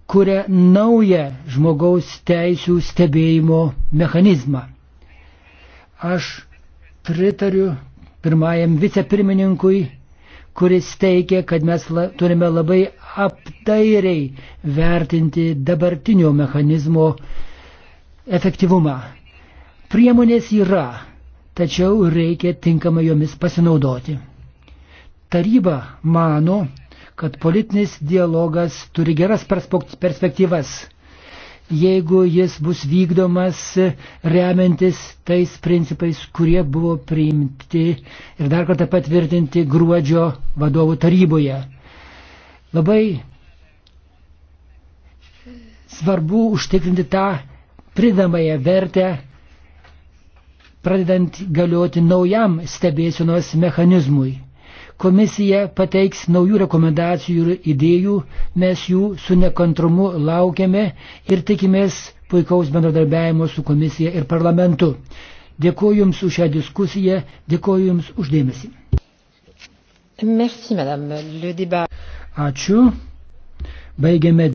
kuria naują žmogaus teisų stebėjimo mechanizmą. Aš pritariu pirmajam vicepirmininkui, kuris teikia, kad mes la, turime labai apdairiai vertinti dabartinio mechanizmo efektyvumą. Priemonės yra, tačiau reikia tinkamai jomis pasinaudoti. Taryba mano, kad politinis dialogas turi geras perspektyvas, jeigu jis bus vykdomas e, remiantis tais principais, kurie buvo priimti ir dar kartą patvirtinti gruodžio vadovų taryboje. Labai svarbu užtikrinti tą pridamąją vertę, pradedant galioti naujam stebėsinos mechanizmui. Komisija pateiks naujų rekomendacijų ir idėjų, mes jų su nekantrumu laukiame ir tikimės puikaus bendradarbiajimo su komisija ir parlamentu. Dėkuoju Jums už šią diskusiją, dėkuoju Jums uždėmesį. Merci, madame. Le débat. Ačiū. Baigėme.